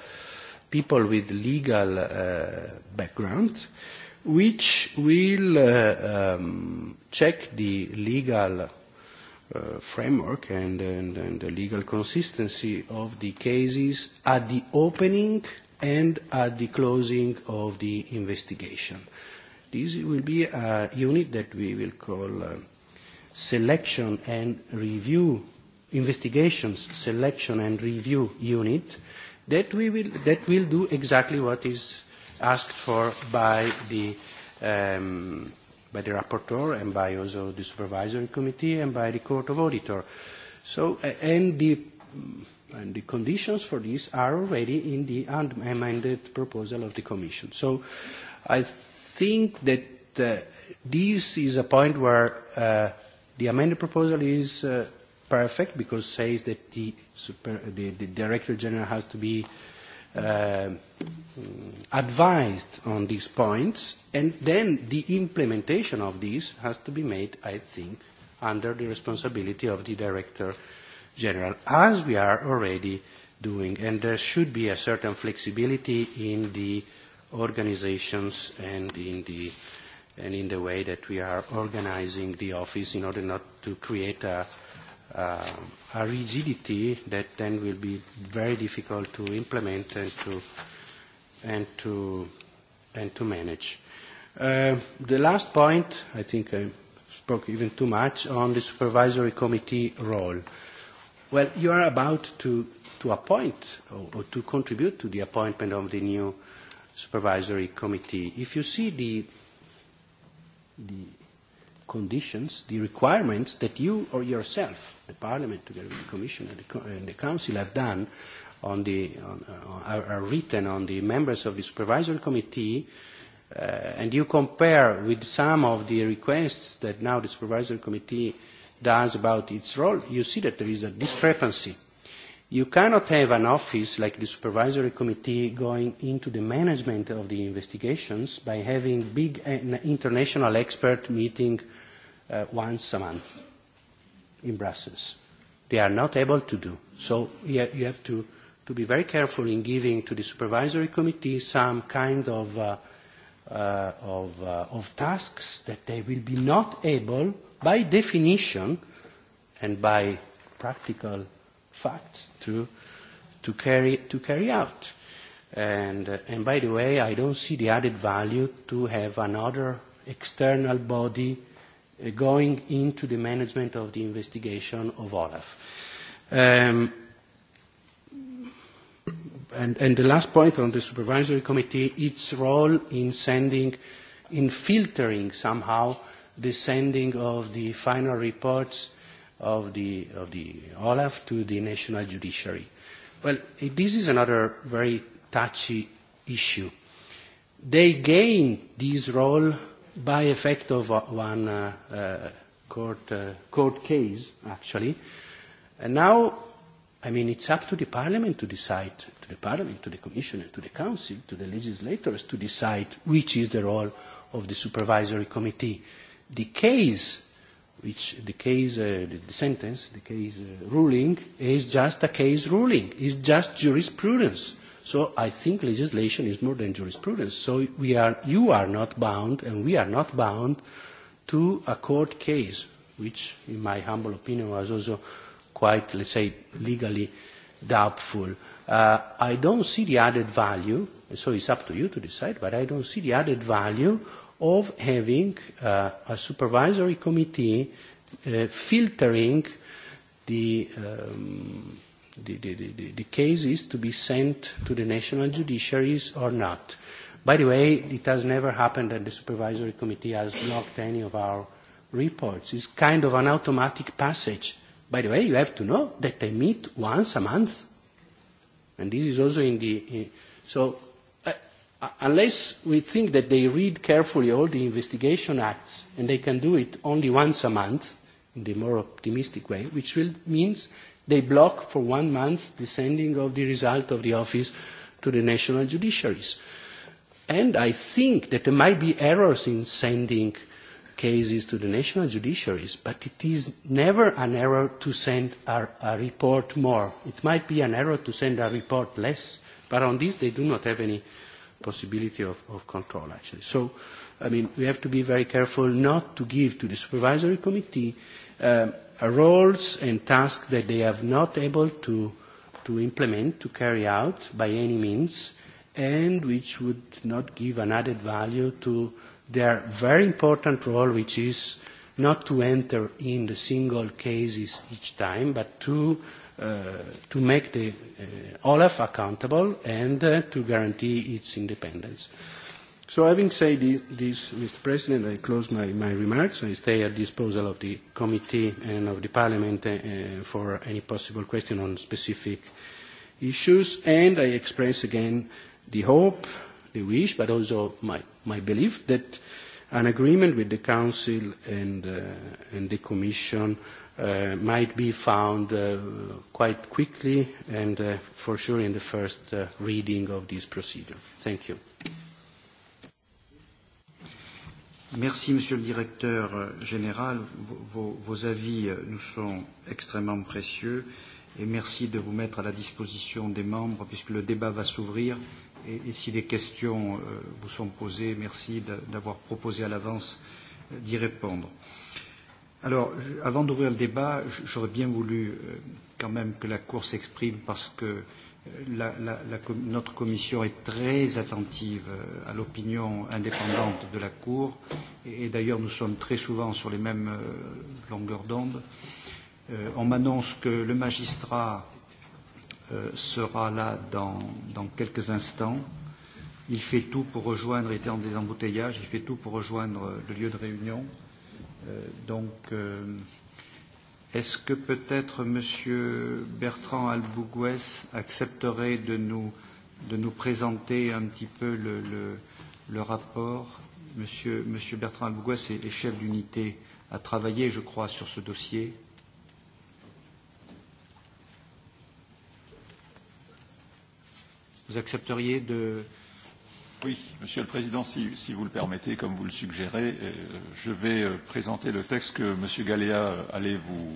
people with legal uh, background uh, which will uh, um, check the legal uh, framework and, and, and the legal consistency of the cases at the opening and at the closing of the investigation. This will be a unit that we will call uh, Selection and Review, Investigations Selection and Review Unit, that, we will, that will do exactly what is asked for by the, um, by the rapporteur and by also the supervisory committee and by the court of auditor. So, uh and the, and the conditions for this are already in the amended proposal of the commission. So I think that uh, this is a point where uh, the amended proposal is uh, perfect because it says that the, super, the, the director general has to be uh, advised on these points, and then the implementation of these has to be made, I think, under the responsibility of the Director General, as we are already doing. And there should be a certain flexibility in the organizations and in the and in the way that we are organizing the office in order not to create a, uh, a rigidity that then will be very difficult to implement and to and to and to manage. Uh, the last point, I think I spoke even too much on the supervisory committee role. Well, you are about to to appoint or, or to contribute to the appointment of the new supervisory committee. If you see the the conditions, the requirements that you or yourself, the Parliament together with the Commission and the, and the Council have done on the, on, on, are, are written on the members of the Supervisory Committee uh, and you compare with some of the requests that now the Supervisory Committee does about its role, you see that there is a discrepancy. You cannot have an office like the supervisory committee going into the management of the investigations by having big international expert meeting uh, once a month in Brussels. They are not able to do. So you have to, to be very careful in giving to the supervisory committee some kind of, uh, uh, of, uh, of tasks that they will be not able, by definition and by practical facts, to, to, carry, to carry out. And, uh, and by the way, I don't see the added value to have another external body going into the management of the investigation of Olaf. Um, and, and the last point on the supervisory committee, its role in sending, in filtering somehow the sending of the final reports of the, of the Olaf to the national judiciary. Well, this is another very touchy issue. They gain this role by effect of one uh, uh, court, uh, court case, actually. And now, I mean, it's up to the Parliament to decide, to the Parliament, to the Commission, and to the Council, to the legislators, to decide which is the role of the Supervisory Committee. The case, which the case, uh, the, the sentence, the case uh, ruling, is just a case ruling, is just jurisprudence So I think legislation is more than jurisprudence. So we are, you are not bound, and we are not bound to a court case, which, in my humble opinion, was also quite, let's say, legally doubtful. Uh, I don't see the added value, so it's up to you to decide, but I don't see the added value of having uh, a supervisory committee uh, filtering the um, the, the, the, the case is to be sent to the national judiciaries or not. By the way, it has never happened that the supervisory committee has blocked any of our reports. It's kind of an automatic passage. By the way, you have to know that they meet once a month. And this is also in the... In, so uh, unless we think that they read carefully all the investigation acts and they can do it only once a month, in the more optimistic way, which will means They block for one month the sending of the result of the office to the national judiciaries. And I think that there might be errors in sending cases to the national judiciaries, but it is never an error to send a, a report more. It might be an error to send a report less, but on this they do not have any possibility of, of control, actually. So, I mean, we have to be very careful not to give to the supervisory committee um, roles and tasks that they have not able to, to implement, to carry out by any means, and which would not give an added value to their very important role, which is not to enter in the single cases each time, but to, uh, to make the uh, OLAF accountable and uh, to guarantee its independence. Uh, So having said this, Mr. President, I close my, my remarks. I stay at disposal of the committee and of the Parliament uh, for any possible question on specific issues. And I express again the hope, the wish, but also my, my belief that an agreement with the Council and, uh, and the Commission uh, might be found uh, quite quickly and uh, for sure in the first uh, reading of this procedure. Thank you. Merci, Monsieur le Directeur général. Vos, vos avis nous sont extrêmement précieux et merci de vous mettre à la disposition des membres puisque le débat va s'ouvrir et, et si des questions euh, vous sont posées, merci d'avoir proposé à l'avance d'y répondre. Alors, avant d'ouvrir le débat, j'aurais bien voulu quand même que la Cour s'exprime parce que la, la, la, notre commission est très attentive à l'opinion indépendante de la Cour, et, et d'ailleurs nous sommes très souvent sur les mêmes euh, longueurs d'onde. Euh, on m'annonce que le magistrat euh, sera là dans, dans quelques instants. Il fait tout pour rejoindre, il était en des embouteillages, il fait tout pour rejoindre le lieu de réunion. Euh, donc, euh, Est-ce que peut-être Monsieur Bertrand Albougouès accepterait de nous, de nous présenter un petit peu le, le, le rapport Monsieur, Monsieur Bertrand Albougouès est, est chef d'unité à travailler, je crois, sur ce dossier. Vous accepteriez de, Oui, Monsieur le Président, si, si vous le permettez, comme vous le suggérez, je vais présenter le texte que Monsieur Galea allait vous,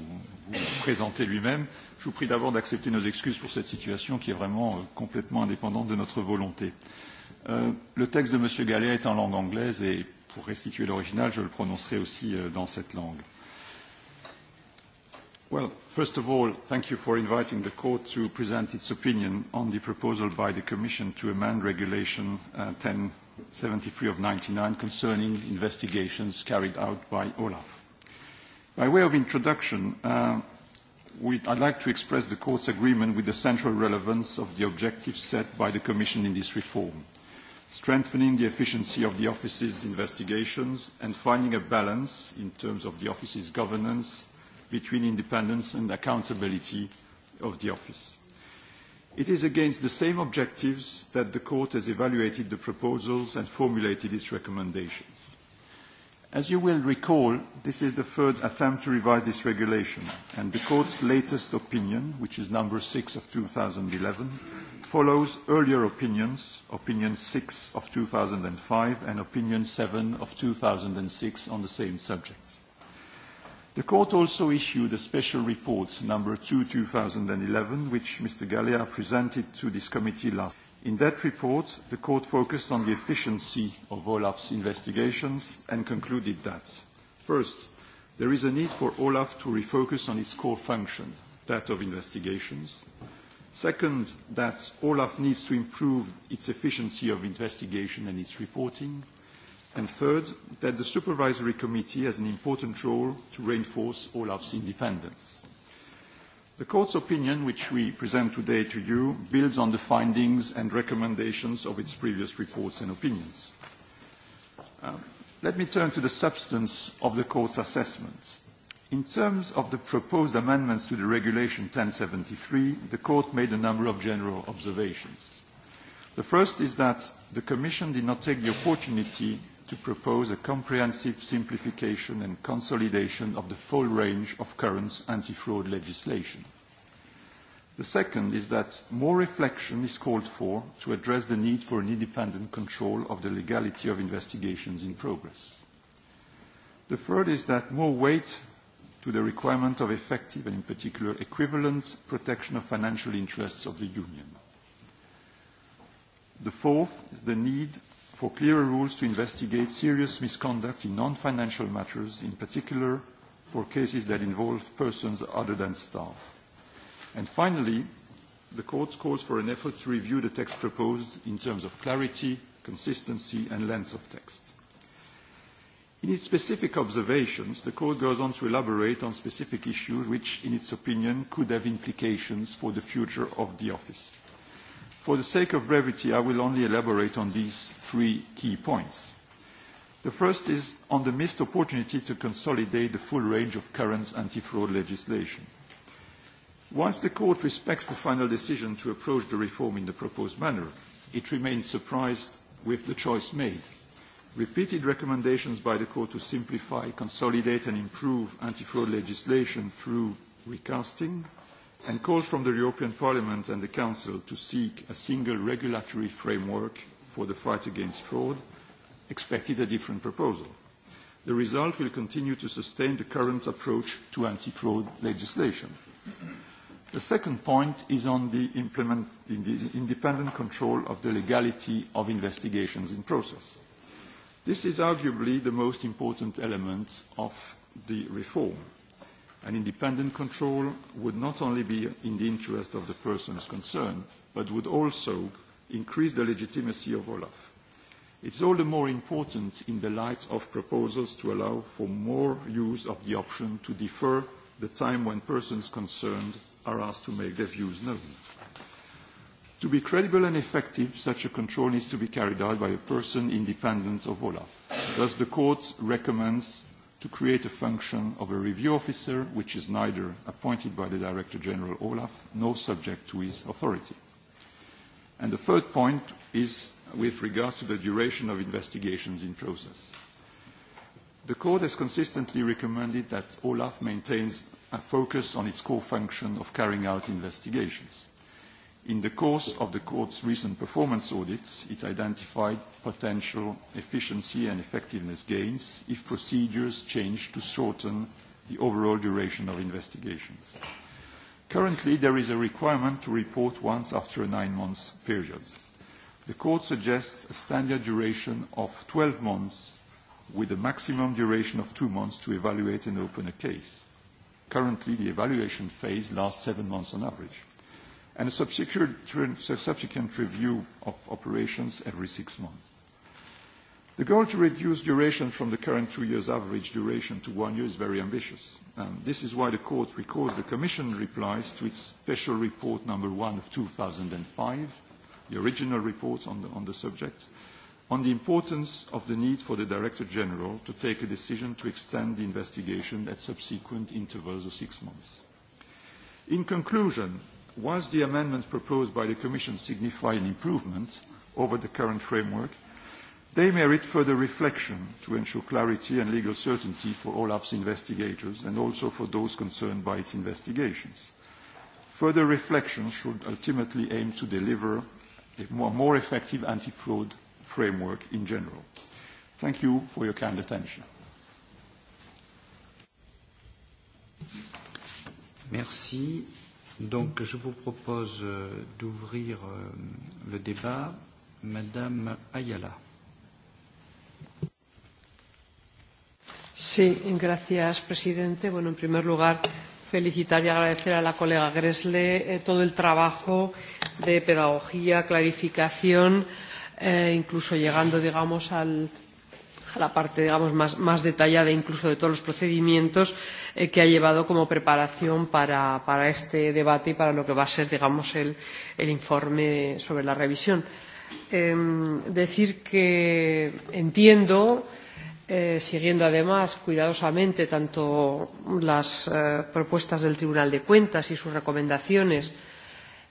vous présenter lui-même. Je vous prie d'abord d'accepter nos excuses pour cette situation qui est vraiment complètement indépendante de notre volonté. Le texte de Monsieur Galea est en langue anglaise et pour restituer l'original, je le prononcerai aussi dans cette langue. Well, first of all, thank you for inviting the court to present its opinion on the proposal by the Commission to amend Regulation uh, 1073 of 99 concerning investigations carried out by Olaf. By way of introduction, uh, we'd, I'd like to express the court's agreement with the central relevance of the objectives set by the Commission in this reform, strengthening the efficiency of the office's investigations and finding a balance in terms of the office's governance between independence and accountability of the office. It is against the same objectives that the Court has evaluated the proposals and formulated its recommendations. As you will recall, this is the third attempt to revise this regulation, and the Court's latest opinion, which is number 6 of 2011, follows earlier opinions, Opinion 6 of 2005 and Opinion 7 of 2006 on the same subject. The court also issued a special report number 2 2011 which Mr. Galea presented to this committee last. In that report, the court focused on the efficiency of Olaf's investigations and concluded that first, there is a need for Olaf to refocus on its core function, that of investigations. Second, that Olaf needs to improve its efficiency of investigation and its reporting. And third, that the Supervisory Committee has an important role to reinforce Olaf's independence. The Court's opinion, which we present today to you, builds on the findings and recommendations of its previous reports and opinions. Let me turn to the substance of the Court's assessment. In terms of the proposed amendments to the Regulation 1073, the Court made a number of general observations. The first is that the Commission did not take the opportunity to propose a comprehensive simplification and consolidation of the full range of current anti-fraud legislation. The second is that more reflection is called for to address the need for an independent control of the legality of investigations in progress. The third is that more weight to the requirement of effective and, in particular, equivalent protection of financial interests of the Union. The fourth is the need for clearer rules to investigate serious misconduct in non-financial matters, in particular for cases that involve persons other than staff. And finally, the Court calls for an effort to review the text proposed in terms of clarity, consistency and length of text. In its specific observations, the Court goes on to elaborate on specific issues which, in its opinion, could have implications for the future of the Office. For the sake of brevity, I will only elaborate on these three key points. The first is on the missed opportunity to consolidate the full range of current anti-fraud legislation. Whilst the Court respects the final decision to approach the reform in the proposed manner, it remains surprised with the choice made. Repeated recommendations by the Court to simplify, consolidate and improve anti-fraud legislation through recasting, and calls from the European Parliament and the Council to seek a single regulatory framework for the fight against fraud, expected a different proposal. The result will continue to sustain the current approach to anti-fraud legislation. The second point is on the, implement, in the independent control of the legality of investigations in process. This is arguably the most important element of the reform An independent control would not only be in the interest of the persons concerned, but would also increase the legitimacy of Olaf. It's all the more important in the light of proposals to allow for more use of the option to defer the time when persons concerned are asked to make their views known. To be credible and effective, such a control needs to be carried out by a person independent of Olaf. Thus, the Court recommends to create a function of a review officer which is neither appointed by the Director General Olaf nor subject to his authority. And the third point is with regard to the duration of investigations in process. The Court has consistently recommended that Olaf maintains a focus on its core function of carrying out investigations. In the course of the court's recent performance audits, it identified potential efficiency and effectiveness gains if procedures changed to shorten the overall duration of investigations. Currently, there is a requirement to report once after a nine-month period. The court suggests a standard duration of 12 months with a maximum duration of two months to evaluate and open a case. Currently, the evaluation phase lasts seven months on average and a subsequent review of operations every six months. The goal to reduce duration from the current two years average duration to one year is very ambitious. This is why the court recalls the commission replies to its special report number one of 2005, the original report on the subject, on the importance of the need for the Director General to take a decision to extend the investigation at subsequent intervals of six months. In conclusion, Once the amendments proposed by the Commission signify an improvement over the current framework, they merit further reflection to ensure clarity and legal certainty for OLAF's investigators and also for those concerned by its investigations. Further reflection should ultimately aim to deliver a more, more effective anti-fraud framework in general. Thank you for your kind attention. Merci. Donc je vous propose d'ouvrir le débat. Madame Ayala. señor presidente en primer lugar felicitar y agradecer a la colega Gresle todo el trabajo de pedagogía clarificación incluso llegando digamos al a la parte, digamos, más, más detallada incluso de todos los procedimientos eh, que ha llevado como preparación para, para este debate y para lo que va a ser, digamos, el, el informe sobre la revisión. Eh, decir que entiendo, eh, siguiendo además cuidadosamente tanto las eh, propuestas del Tribunal de Cuentas y sus recomendaciones,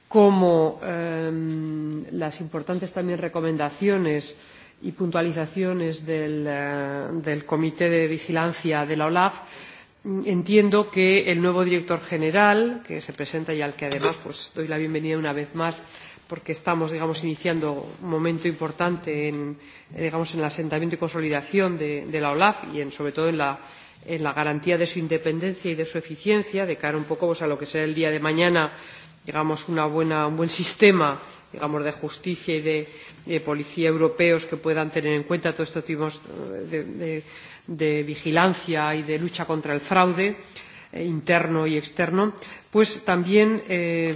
como eh, las importantes también recomendaciones eh, y puntualizaciones del, del Comité de Vigilancia de la OLAF, entiendo que el nuevo director general, que se presenta y al que además pues, doy la bienvenida una vez más, porque estamos digamos, iniciando un momento importante en, digamos, en el asentamiento y consolidación de, de la OLAF y en, sobre todo en la, en la garantía de su independencia y de su eficiencia de cara un poco pues, a lo que será el día de mañana digamos, una buena, un buen sistema digamos, de justicia y de, policía europeos que puedan tener en cuenta todo este tipo de, de, de vigilancia y de lucha contra el fraude interno y externo, pues también eh,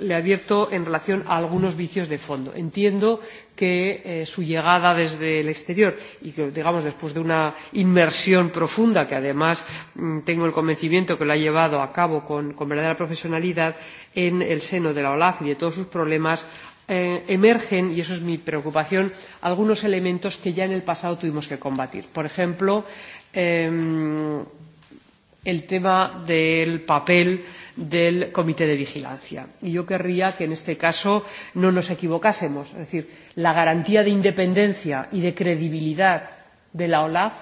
le advierto en relación a algunos vicios de fondo. Entiendo que eh, su llegada desde el exterior y que, digamos, después de una inmersión profunda, que además tengo el convencimiento que lo ha llevado a cabo con, con verdadera profesionalidad en el seno de la OLAF y de todos sus problemas, eh, emergen, y eso es mi preocupación, algunos elementos que ya en el pasado tuvimos que combatir. Por ejemplo, eh, el tema del papel del comité de vigilancia. Y yo querría que en este caso no nos equivocásemos. Es decir, la garantía de independencia y de credibilidad de la OLAF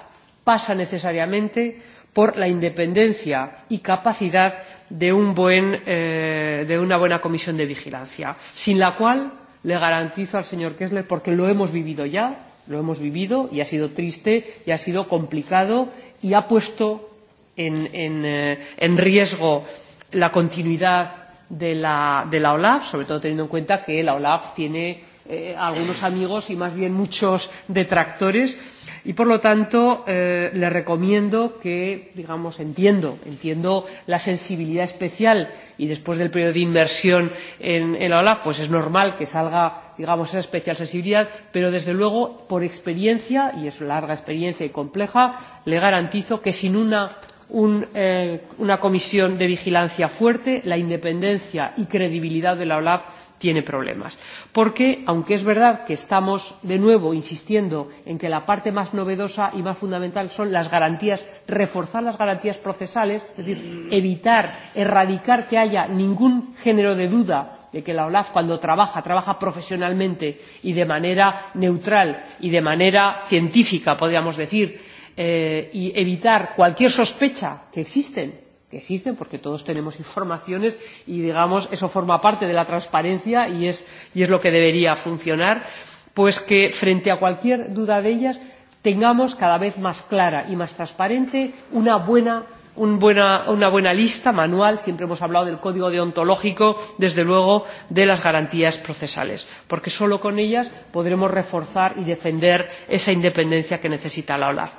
pasa necesariamente por la independencia y capacidad de, un buen, eh, de una buena comisión de vigilancia, sin la cual le garantizo al señor Kessler, porque lo hemos vivido ya, lo hemos vivido y ha sido triste y ha sido complicado y ha puesto en, en, eh, en riesgo la continuidad de la, de la OLAF, sobre todo teniendo en cuenta que la OLAF tiene eh, algunos amigos y más bien muchos detractores Y por lo tanto, eh, le recomiendo que, digamos, entiendo, entiendo la sensibilidad especial y después del periodo de inmersión en, en la OLAF, pues es normal que salga, digamos, esa especial sensibilidad, pero desde luego, por experiencia, y es larga experiencia y compleja, le garantizo que sin una un, eh, una comisión de vigilancia fuerte, la independencia y credibilidad de la OLAF tiene problemas. Porque, aunque es verdad que estamos de nuevo insistiendo en que la parte más novedosa y más fundamental son las garantías, reforzar las garantías procesales, es decir, evitar, erradicar que haya ningún género de duda de que la OLAF cuando trabaja, trabaja profesionalmente y de manera neutral y de manera científica, podríamos decir, eh, y evitar cualquier sospecha que existen que existen, porque todos tenemos informaciones y, digamos, eso forma parte de la transparencia y es, y es lo que debería funcionar, pues que frente a cualquier duda de ellas tengamos cada vez más clara y más transparente una buena un buena, una buena lista manual, siempre hemos hablado del código deontológico, desde luego de las garantías procesales, porque solo con ellas podremos reforzar y defender esa independencia que necesita la OLAF.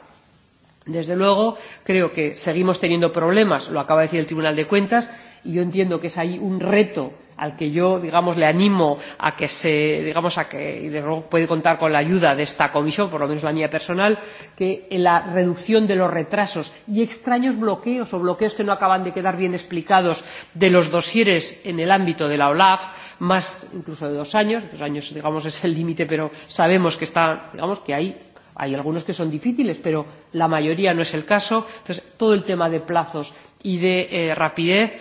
Desde luego, creo que seguimos teniendo problemas, lo acaba de decir el Tribunal de Cuentas, y yo entiendo que es ahí un reto al que yo, digamos, le animo a que se, digamos, a que, y desde luego puede contar con la ayuda de esta comisión, por lo menos la mía personal, que en la reducción de los retrasos y extraños bloqueos o bloqueos que no acaban de quedar bien explicados de los dosieres en el ámbito de la OLAF, más incluso de dos años, dos años, digamos, es el límite, pero sabemos que está, digamos, que hay Hay algunos que son difíciles, pero la mayoría no es el caso. Entonces, todo el tema de plazos y de eh, rapidez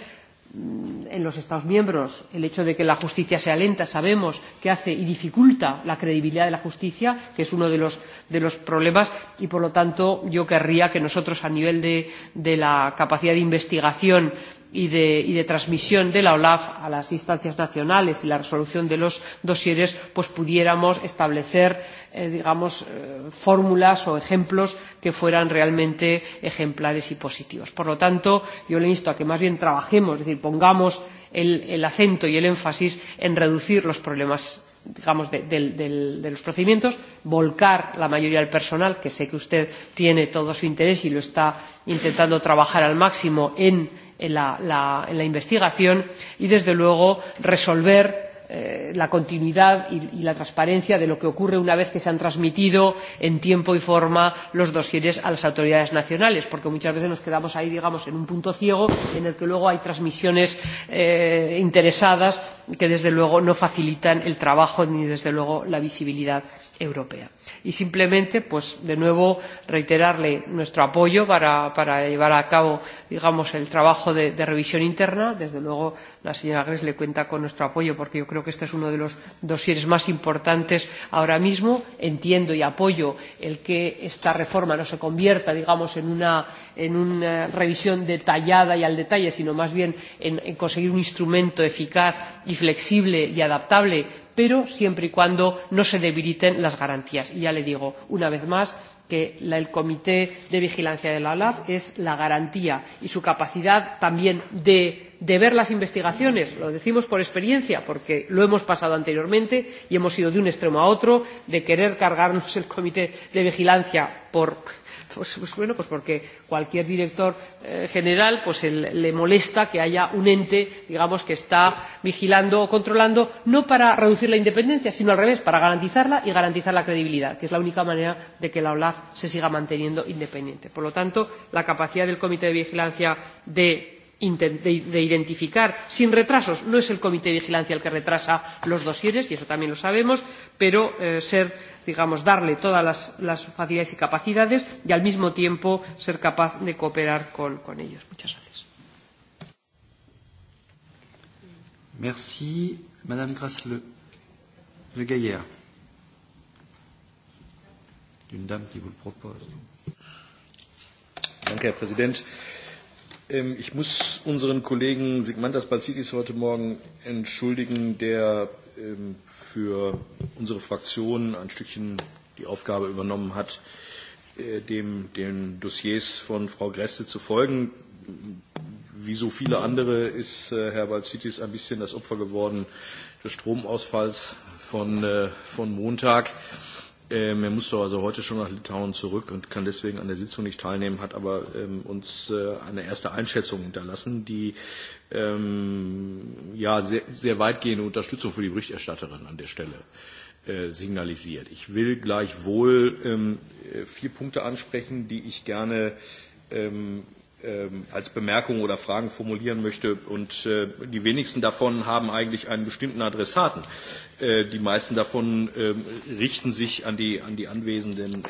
en los Estados miembros, el hecho de que la justicia sea lenta, sabemos que hace y dificulta la credibilidad de la justicia, que es uno de los, de los problemas, y por lo tanto yo querría que nosotros, a nivel de, de la capacidad de investigación y de, y de transmisión de la OLAF a las instancias nacionales y la resolución de los dosieres, pues pudiéramos establecer, eh, digamos, eh, fórmulas o ejemplos que fueran realmente ejemplares y positivos. Por lo tanto, yo le insto a que más bien trabajemos, es decir, pongamos el, el acento y el énfasis en reducir los problemas digamos, de, de, de, de los procedimientos, volcar la mayoría del personal, que sé que usted tiene todo su interés y lo está intentando trabajar al máximo en en la, la, en la investigación y, desde luego, resolver la continuidad y, la transparencia de lo que ocurre una vez que se han transmitido en tiempo y forma los dosieres a las autoridades nacionales, porque muchas veces nos quedamos ahí, digamos, en un punto ciego en el que luego hay transmisiones interesadas que desde luego no facilitan el trabajo ni desde luego la visibilidad europea. Y simplemente, pues de nuevo reiterarle nuestro apoyo para, para llevar a cabo, digamos, el trabajo de, de revisión interna. Desde luego la señora Gressle cuenta con nuestro apoyo porque yo creo que este es uno de los dosieres más importantes ahora mismo. Entiendo y apoyo el que esta reforma no se convierta, digamos, en una, en una revisión detallada y al detalle, sino más bien en, en conseguir un instrumento eficaz y y flexible y adaptable, pero siempre y cuando no se debiliten las garantías. Y ya le digo una vez más que el Comité de Vigilancia de la OLAF es la garantía y su capacidad también de, de ver las investigaciones. Lo decimos por experiencia, porque lo hemos pasado anteriormente y hemos ido de un extremo a otro, de querer cargarnos el Comité de Vigilancia por pues, pues bueno, pues porque cualquier director eh, general pues el, le molesta que haya un ente, digamos, que está vigilando o controlando, no para reducir la independencia, sino al revés, para garantizarla y garantizar la credibilidad, que es la única manera de que la OLAF se siga manteniendo independiente. Por lo tanto, la capacidad del Comité de Vigilancia de de identificar sin retrasos no es el comité de vigilancia el que retrasa los dosieres y eso también lo sabemos pero ser digamos darle todas las, facilidades y capacidades y al mismo tiempo ser capaz de cooperar con, ellos muchas gracias Merci madame Grasle de Gaillard une dame qui vous le propose Danke, Herr Präsident. Ich muss unseren Kollegen Sigmantas Balsidis heute Morgen entschuldigen, der für unsere Fraktion ein Stückchen die Aufgabe übernommen hat, dem, den Dossiers von Frau Gresse zu folgen. Wie so viele andere ist Herr Balsidis ein bisschen das Opfer geworden des Stromausfalls von, von Montag er musste also heute schon nach Litauen zurück und kann deswegen an der Sitzung nicht teilnehmen, hat aber uns eine erste Einschätzung hinterlassen, die ja sehr, sehr weitgehende Unterstützung für die Berichterstatterin an der Stelle signalisiert. Ich will gleichwohl vier Punkte ansprechen, die ich gerne als Bemerkungen oder Fragen formulieren möchte. Und die wenigsten davon haben eigentlich einen bestimmten Adressaten. die meisten davon richten sich an die, an die anwesenden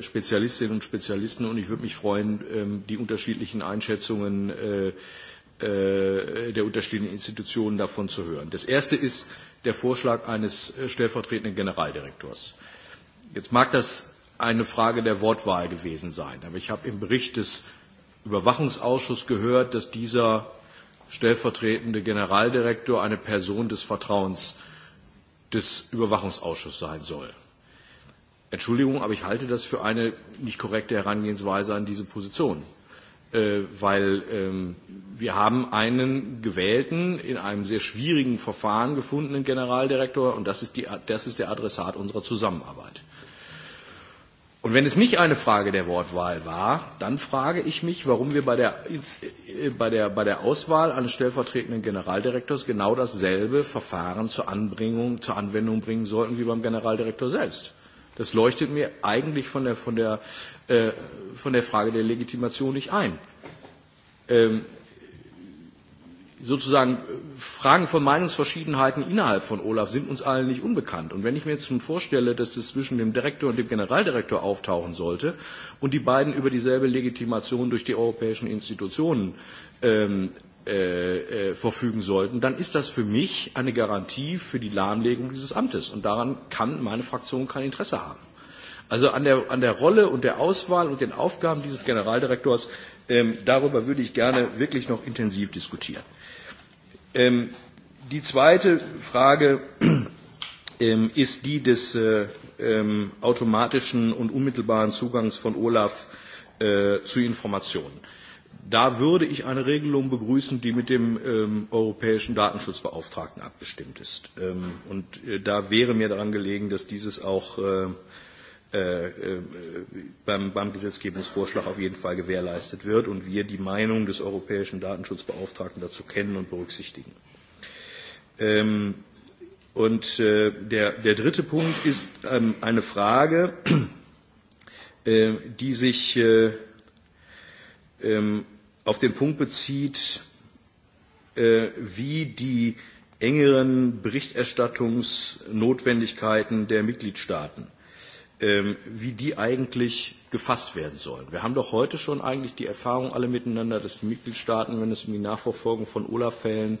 Spezialistinnen und Spezialisten. Und ich würde mich freuen, die unterschiedlichen Einschätzungen der unterschiedlichen Institutionen davon zu hören. Das erste ist der Vorschlag eines stellvertretenden Generaldirektors. Jetzt mag das eine Frage der Wortwahl gewesen sein. Aber ich habe im Bericht des Überwachungsausschusses gehört, dass dieser stellvertretende Generaldirektor eine Person des Vertrauens des Überwachungsausschusses sein soll. Entschuldigung, aber ich halte das für eine nicht korrekte Herangehensweise an diese Position. Weil wir haben einen gewählten, in einem sehr schwierigen Verfahren gefundenen Generaldirektor und das ist, die, das ist der Adressat unserer Zusammenarbeit. Und wenn es nicht eine Frage der Wortwahl war, dann frage ich mich, warum wir bei der, bei der, bei der Auswahl eines stellvertretenden Generaldirektors genau dasselbe Verfahren zur, Anbringung, zur Anwendung bringen sollten wie beim Generaldirektor selbst. Das leuchtet mir eigentlich von der, von der, äh, von der Frage der Legitimation nicht ein. Ähm, sozusagen Fragen von Meinungsverschiedenheiten innerhalb von Olaf sind uns allen nicht unbekannt. Und wenn ich mir jetzt nun vorstelle, dass das zwischen dem Direktor und dem Generaldirektor auftauchen sollte und die beiden über dieselbe Legitimation durch die europäischen Institutionen ähm, äh, äh, verfügen sollten, dann ist das für mich eine Garantie für die Lahmlegung dieses Amtes. Und daran kann meine Fraktion kein Interesse haben. Also an der, an der Rolle und der Auswahl und den Aufgaben dieses Generaldirektors, ähm, darüber würde ich gerne wirklich noch intensiv diskutieren die zweite Frage ist die des automatischen und unmittelbaren Zugangs von Olaf zu Informationen. Da würde ich eine Regelung begrüßen, die mit dem europäischen Datenschutzbeauftragten abgestimmt ist. und da wäre mir daran gelegen, dass dieses auch beim, beim Gesetzgebungsvorschlag auf jeden Fall gewährleistet wird und wir die Meinung des europäischen Datenschutzbeauftragten dazu kennen und berücksichtigen. und der, der dritte Punkt ist eine Frage, die sich auf den Punkt bezieht, wie die engeren Berichterstattungsnotwendigkeiten der Mitgliedstaaten wie die eigentlich gefasst werden sollen. Wir haben doch heute schon eigentlich die Erfahrung alle miteinander, dass die Mitgliedstaaten, wenn es um die Nachverfolgung von Olaf-Fällen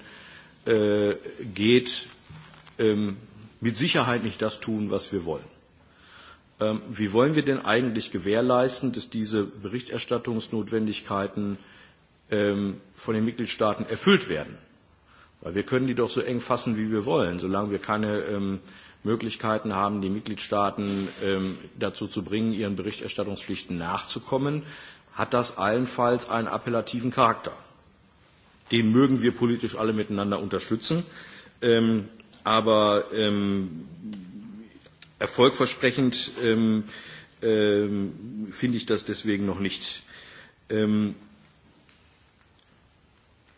geht, mit Sicherheit nicht das tun, was wir wollen. Wie wollen wir denn eigentlich gewährleisten, dass diese Berichterstattungsnotwendigkeiten von den Mitgliedstaaten erfüllt werden? Weil wir können die doch so eng fassen, wie wir wollen. Solange wir keine Möglichkeiten haben, die Mitgliedstaaten dazu zu bringen, ihren Berichterstattungspflichten nachzukommen, hat das allenfalls einen appellativen Charakter. Den mögen wir politisch alle miteinander unterstützen, aber erfolgversprechend finde ich das deswegen noch nicht.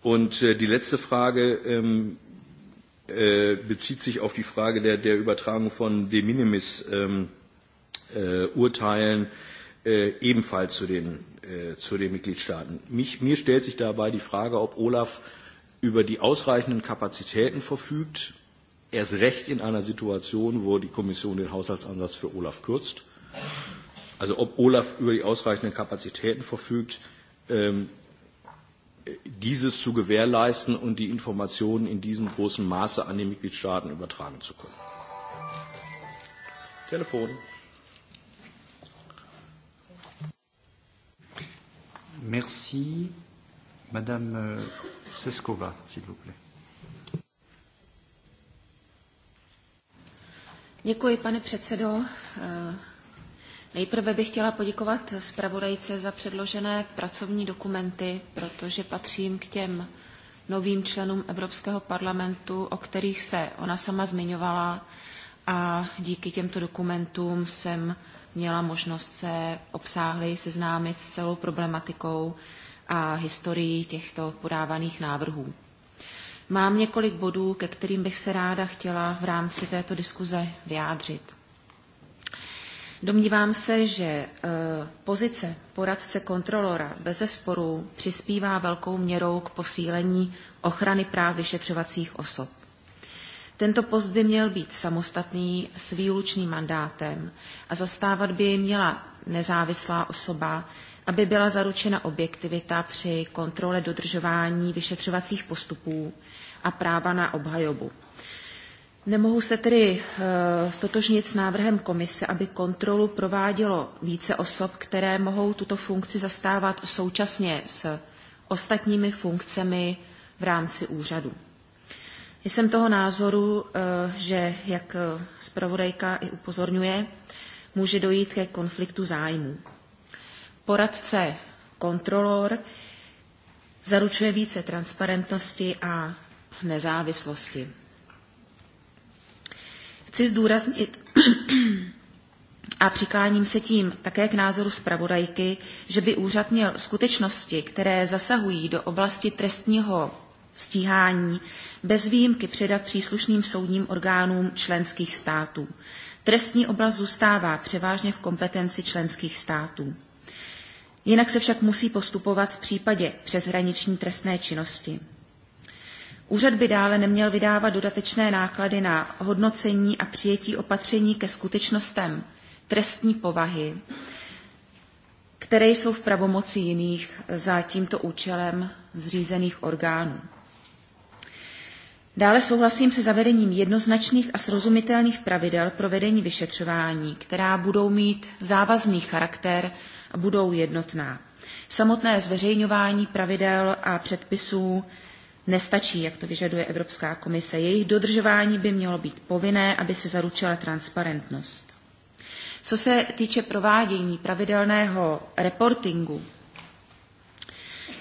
Und die letzte Frage, bezieht sich auf die Frage der, der Übertragung von De Minimis ähm, äh, Urteilen äh, ebenfalls zu den, äh, zu den Mitgliedstaaten. Mich, mir stellt sich dabei die Frage, ob Olaf über die ausreichenden Kapazitäten verfügt, erst recht in einer Situation, wo die Kommission den Haushaltsansatz für Olaf kürzt. Also ob Olaf über die ausreichenden Kapazitäten verfügt, ähm, dieses zu gewährleisten und die Informationen in diesem großen Maße an die Mitgliedstaaten übertragen zu können. Telefon. Merci. Madame Seskova, s'il vous plaît. Děkuji, pane předsedo. Nejprve bych chtěla poděkovat zpravodajce za předložené pracovní dokumenty, protože patřím k těm novým členům Evropského parlamentu, o kterých se ona sama zmiňovala a díky těmto dokumentům jsem měla možnost se obsáhli seznámit s celou problematikou a historií těchto podávaných návrhů. Mám několik bodů, ke kterým bych se ráda chtěla v rámci této diskuze vyjádřit. Domnívám se, že pozice poradce kontrolora bez zesporu přispívá velkou měrou k posílení ochrany práv vyšetřovacích osob. Tento post by měl být samostatný s výlučným mandátem a zastávat by měla nezávislá osoba, aby byla zaručena objektivita při kontrole dodržování vyšetřovacích postupů a práva na obhajobu. Nemohu se tedy stotožnit s návrhem komise, aby kontrolu provádělo více osob, které mohou tuto funkci zastávat současně s ostatními funkcemi v rámci úřadu. Jsem toho názoru, že, jak zpravodajka i upozorňuje, může dojít ke konfliktu zájmů. Poradce kontrolor zaručuje více transparentnosti a nezávislosti. Chci zdůraznit a přikláním se tím také k názoru zpravodajky, že by úřad měl skutečnosti, které zasahují do oblasti trestního stíhání, bez výjimky předat příslušným soudním orgánům členských států. Trestní oblast zůstává převážně v kompetenci členských států. Jinak se však musí postupovat v případě přeshraniční trestné činnosti. Úřad by dále neměl vydávat dodatečné náklady na hodnocení a přijetí opatření ke skutečnostem trestní povahy, které jsou v pravomoci jiných za tímto účelem zřízených orgánů. Dále souhlasím se zavedením jednoznačných a srozumitelných pravidel pro vedení vyšetřování, která budou mít závazný charakter a budou jednotná. Samotné zveřejňování pravidel a předpisů nestačí, jak to vyžaduje Evropská komise. Jejich dodržování by mělo být povinné, aby se zaručila transparentnost. Co se týče provádění pravidelného reportingu,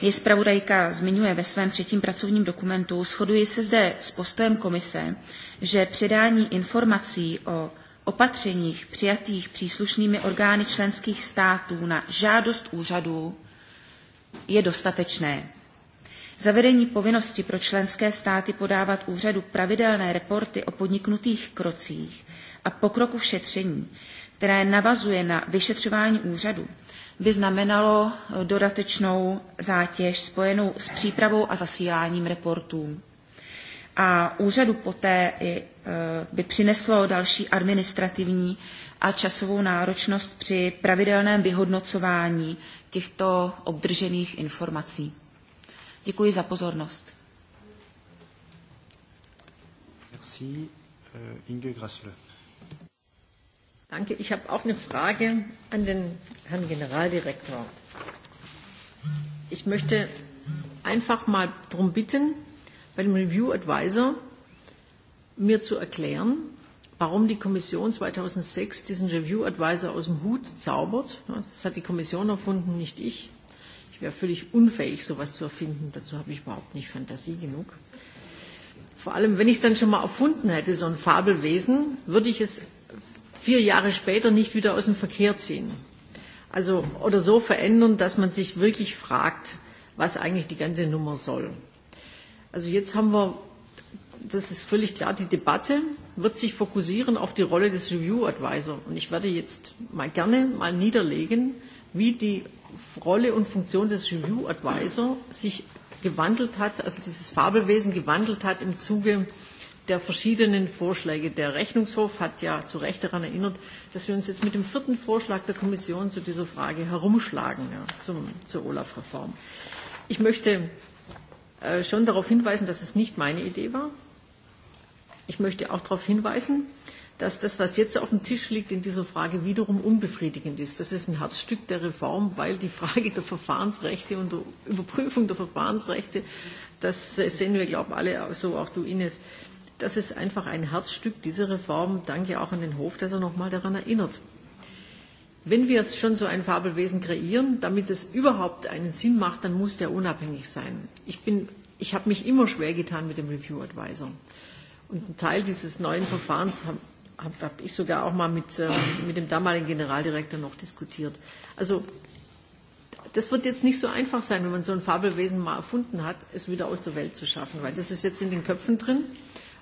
je zpravodajka zmiňuje ve svém třetím pracovním dokumentu, shoduji se zde s postojem komise, že předání informací o opatřeních přijatých příslušnými orgány členských států na žádost úřadů je dostatečné. Zavedení povinnosti pro členské státy podávat úřadu pravidelné reporty o podniknutých krocích a pokroku šetření, které navazuje na vyšetřování úřadu, by znamenalo dodatečnou zátěž spojenou s přípravou a zasíláním reportů. A úřadu poté by přineslo další administrativní a časovou náročnost při pravidelném vyhodnocování těchto obdržených informací. Děkuji za pozornost. Merci, Inge Grassle. Danke. Ich habe auch eine Frage an den Herrn Generaldirektor. Ich möchte einfach mal darum bitten, bei dem Review Advisor mir zu erklären, warum die Kommission 2006 diesen Review Advisor aus dem Hut zaubert. Das hat die Kommission erfunden, nicht ich. Ich wäre völlig unfähig, sowas zu erfinden. Dazu habe ich überhaupt nicht Fantasie genug. Vor allem, wenn ich es dann schon mal erfunden hätte, so ein Fabelwesen, würde ich es vier Jahre später nicht wieder aus dem Verkehr ziehen. Also, oder so verändern, dass man sich wirklich fragt, was eigentlich die ganze Nummer soll. Also jetzt haben wir, das ist völlig klar, die Debatte wird sich fokussieren auf die Rolle des Review Advisor. Und ich werde jetzt mal gerne mal niederlegen, wie die Rolle und Funktion des Review Advisor sich gewandelt hat, also dieses Fabelwesen gewandelt hat im Zuge der verschiedenen Vorschläge. Der Rechnungshof hat ja zu Recht daran erinnert, dass wir uns jetzt mit dem vierten Vorschlag der Kommission zu dieser Frage herumschlagen, ja, zum, zur Olaf-Reform. Ich möchte äh, schon darauf hinweisen, dass es nicht meine Idee war. Ich möchte auch darauf hinweisen, äh, dass das, was jetzt auf dem Tisch liegt, in dieser Frage wiederum unbefriedigend ist. Das ist ein Herzstück der Reform, weil die Frage der Verfahrensrechte und der Überprüfung der Verfahrensrechte, das sehen wir, glaube ich, alle, so auch du, Ines, das ist einfach ein Herzstück dieser Reform. Danke auch an den Hof, dass er nochmal daran erinnert. Wenn wir schon so ein Fabelwesen kreieren, damit es überhaupt einen Sinn macht, dann muss der unabhängig sein. Ich, bin, ich habe mich immer schwer getan mit dem Review Advisor. Und ein Teil dieses neuen Verfahrens habe hab ich sogar auch mal mit, äh, mit dem damaligen Generaldirektor noch diskutiert. Also das wird jetzt nicht so einfach sein, wenn man so ein Fabelwesen mal erfunden hat, es wieder aus der Welt zu schaffen, weil das ist jetzt in den Köpfen drin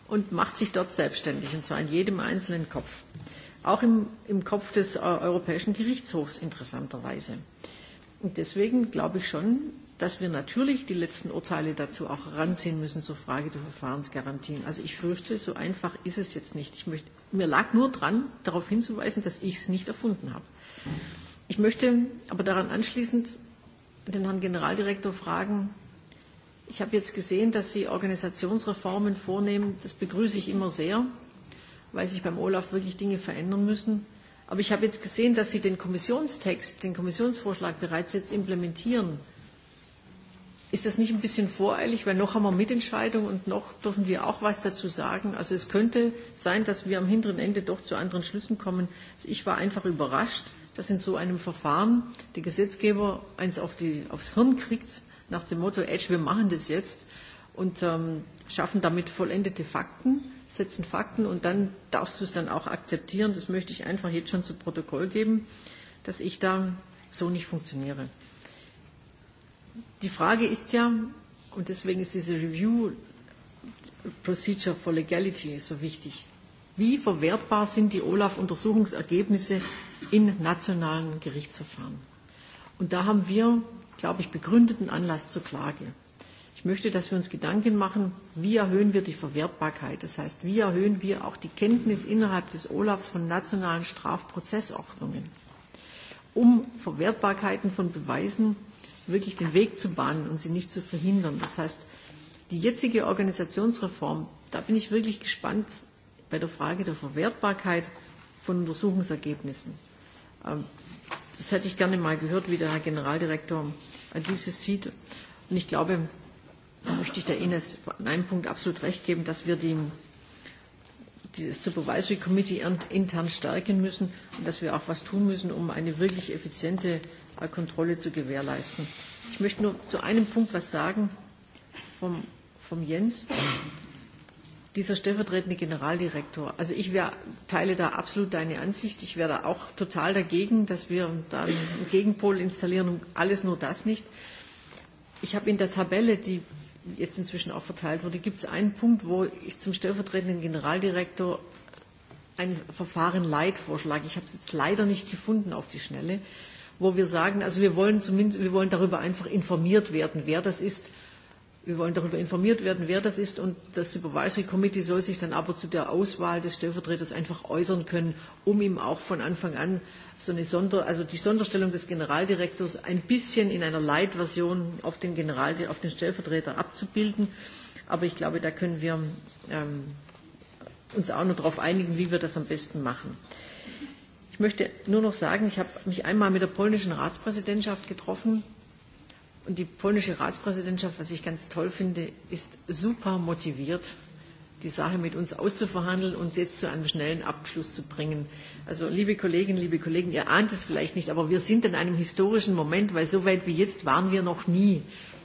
und macht sich dort selbstständig, und zwar in jedem einzelnen Kopf. Auch im, im Kopf des äh, Europäischen Gerichtshofs interessanterweise. Und deswegen glaube ich schon, dass wir natürlich die letzten Urteile dazu auch heranziehen müssen zur Frage der Verfahrensgarantien. Also ich fürchte, so einfach ist es jetzt nicht. Ich möchte, mir lag nur dran, darauf hinzuweisen, dass ich es nicht erfunden habe. Ich möchte aber daran anschließend den Herrn Generaldirektor fragen, ich habe jetzt gesehen, dass Sie Organisationsreformen vornehmen. Das begrüße ich immer sehr, weil sich beim Olaf wirklich Dinge verändern müssen. Aber ich habe jetzt gesehen, dass Sie den Kommissionstext, den Kommissionsvorschlag bereits jetzt implementieren. Ist das nicht ein bisschen voreilig, weil noch haben wir Mitentscheidung und noch dürfen wir auch was dazu sagen? Also es könnte sein, dass wir am hinteren Ende doch zu anderen Schlüssen kommen. Also ich war einfach überrascht, dass in so einem Verfahren der Gesetzgeber eins auf die, aufs Hirn kriegt, nach dem Motto, Edge, wir machen das jetzt und ähm, schaffen damit vollendete Fakten, setzen Fakten und dann darfst du es dann auch akzeptieren. Das möchte ich einfach jetzt schon zu Protokoll geben, dass ich da so nicht funktioniere. Die Frage ist ja, und deswegen ist diese Review Procedure for Legality so wichtig, wie verwertbar sind die Olaf-Untersuchungsergebnisse in nationalen Gerichtsverfahren? Und da haben wir, glaube ich, begründeten Anlass zur Klage. Ich möchte, dass wir uns Gedanken machen, wie erhöhen wir die Verwertbarkeit. Das heißt, wie erhöhen wir auch die Kenntnis innerhalb des Olafs von nationalen Strafprozessordnungen, um Verwertbarkeiten von Beweisen wirklich den Weg zu bahnen und sie nicht zu verhindern. Das heißt, die jetzige Organisationsreform, da bin ich wirklich gespannt bei der Frage der Verwertbarkeit von Untersuchungsergebnissen. Das hätte ich gerne mal gehört, wie der Herr Generaldirektor dieses sieht. Und ich glaube, da möchte ich der Ines an einem Punkt absolut recht geben, dass wir die das Supervisory Committee intern stärken müssen und dass wir auch was tun müssen, um eine wirklich effiziente Kontrolle zu gewährleisten. Ich möchte nur zu einem Punkt was sagen vom, vom Jens. Dieser stellvertretende Generaldirektor. Also ich wär, teile da absolut deine Ansicht. Ich wäre da auch total dagegen, dass wir da einen Gegenpol installieren und alles nur das nicht. Ich habe in der Tabelle, die jetzt inzwischen auch verteilt wurde, gibt es einen Punkt, wo ich zum stellvertretenden Generaldirektor ein Verfahren Leid vorschlage. Ich habe es jetzt leider nicht gefunden auf die Schnelle, wo wir sagen, also wir wollen zumindest, wir wollen darüber einfach informiert werden, wer das ist, Wir wollen darüber informiert werden, wer das ist. Und das Supervisory Committee soll sich dann aber zu der Auswahl des Stellvertreters einfach äußern können, um ihm auch von Anfang an so eine Sonder, also die Sonderstellung des Generaldirektors ein bisschen in einer Light-Version auf den, General, auf den Stellvertreter abzubilden. Aber ich glaube, da können wir ähm, uns auch noch darauf einigen, wie wir das am besten machen. Ich möchte nur noch sagen, ich habe mich einmal mit der polnischen Ratspräsidentschaft getroffen Und die polnische Ratspräsidentschaft, was ich ganz toll finde, ist super motiviert, die Sache mit uns auszuverhandeln und jetzt zu einem schnellen Abschluss zu bringen. Also, liebe Kolleginnen, liebe Kollegen, ihr ahnt es vielleicht nicht, aber wir sind in einem historischen Moment, weil so weit wie jetzt waren wir noch nie.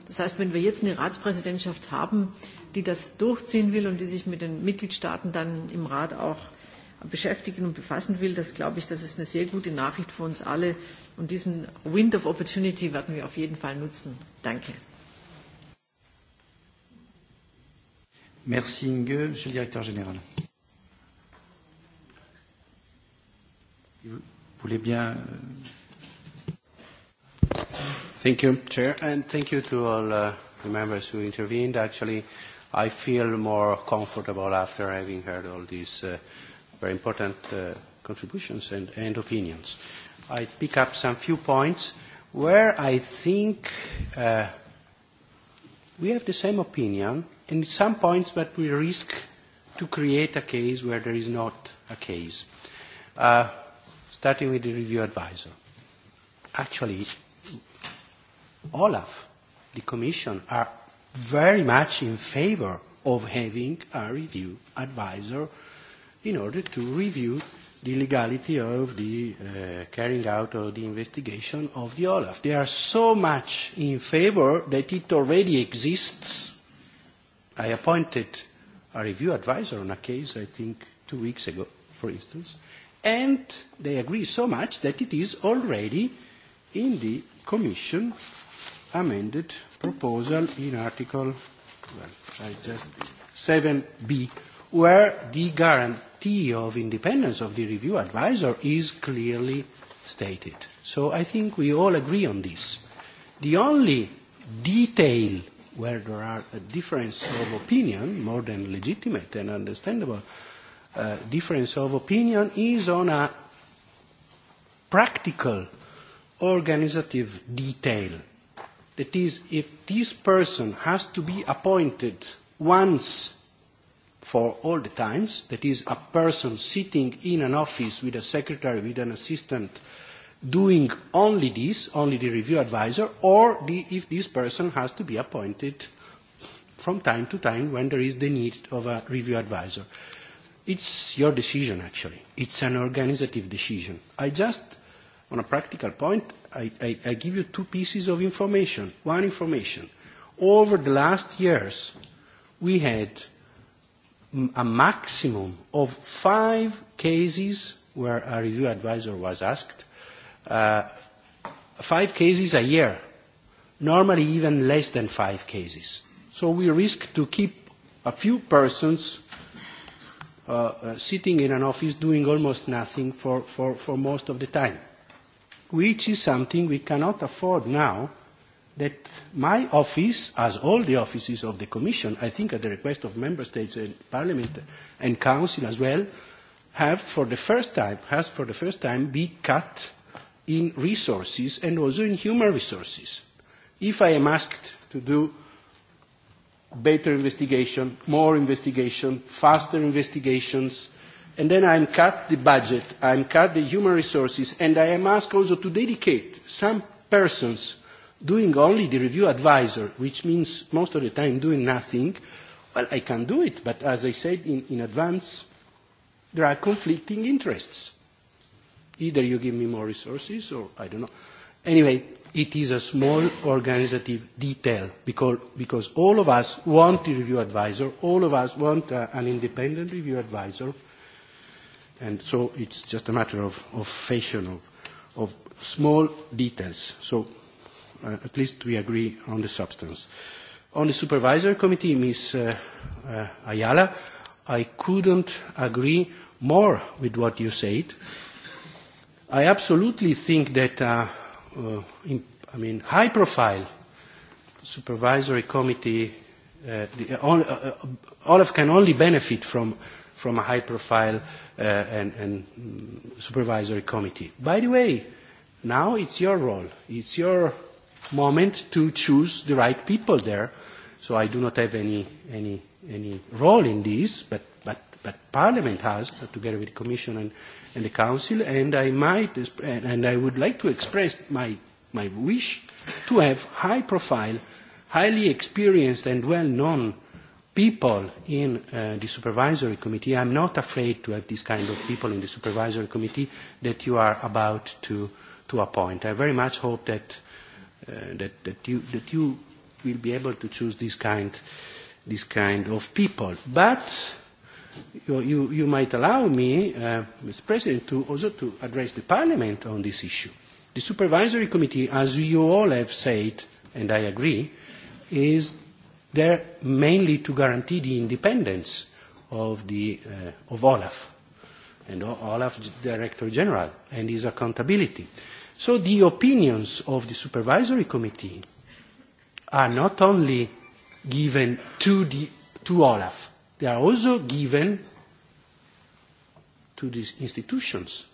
Das heißt, wenn wir jetzt eine Ratspräsidentschaft haben, die das durchziehen will und die sich mit den Mitgliedstaaten dann im Rat auch beschäftigen und befassen will, das glaube ich, das ist eine sehr gute Nachricht für uns alle, Und diesen Wind of Opportunity werden wir auf jeden Fall nutzen. Danke. Merci Inge. Monsieur le Directeur Général. Vous voulez bien... Thank you, Chair, and thank you to all uh, the members who intervened. Actually, I feel more comfortable after having heard all these uh, very important uh, contributions and, and opinions. Uh, I pick up some few points where I think uh, we have the same opinion, and at some points, but we risk to create a case where there is not a case. Uh, starting with the review advisor. Actually, Olaf, the Commission, are very much in favor of having a review advisor in order to review the legality of the uh, carrying out of the investigation of the Olaf. They are so much in favor that it already exists. I appointed a review advisor on a case, I think, two weeks ago, for instance, and they agree so much that it is already in the Commission amended proposal in Article well, I just, 7b where the guarantee of independence of the review advisor is clearly stated. So I think we all agree on this. The only detail where there are a difference of opinion, more than legitimate and understandable uh, difference of opinion, is on a practical organizative detail. That is, if this person has to be appointed once for all the times, that is a person sitting in an office with a secretary, with an assistant, doing only this, only the review advisor, or the, if this person has to be appointed from time to time when there is the need of a review advisor. It's your decision, actually. It's an organizative decision. I just, on a practical point, I, I, I give you two pieces of information. One information. Over the last years, we had a maximum of five cases where a review advisor was asked, uh, five cases a year, normally even less than five cases. So we risk to keep a few persons uh, uh, sitting in an office doing almost nothing for, for, for most of the time, which is something we cannot afford now that my office, as all the offices of the Commission, I think at the request of Member States and Parliament and Council as well, have for the first time, has for the first time been cut in resources and also in human resources. If I am asked to do better investigation, more investigation, faster investigations, and then I'm cut the budget, I'm cut the human resources, and I am asked also to dedicate some persons doing only the review advisor, which means most of the time doing nothing, well, I can do it, but as I said in, in advance, there are conflicting interests. Either you give me more resources or I don't know. Anyway, it is a small organizative detail because, because all of us want a review advisor, all of us want uh, an independent review advisor, and so it's just a matter of, of fashion, of, of small details. So Uh, at least we agree on the substance. On the supervisory committee, Ms. Uh, uh, Ayala, I couldn't agree more with what you said. I absolutely think that, uh, uh, in, I mean, high-profile supervisory committee, uh, the, all, uh, Olaf can only benefit from from a high-profile uh, and, and supervisory committee. By the way, now it's your role, it's your moment to choose the right people there. So I do not have any, any, any role in this, but, but, but Parliament has, together with the Commission and, and the Council, and I might, and I would like to express my, my wish to have high profile, highly experienced and well-known people in uh, the supervisory committee. I'm not afraid to have this kind of people in the supervisory committee that you are about to, to appoint. I very much hope that that, that, you, that you will be able to choose this kind, this kind of people. But you, you, you might allow me, uh, Mr. President, to also to address the Parliament on this issue. The Supervisory Committee, as you all have said, and I agree, is there mainly to guarantee the independence of, the, uh, of Olaf and Olaf Director General and his accountability. Uh, So the opinions of the supervisory committee are not only given to, the, to Olaf, they are also given to these institutions.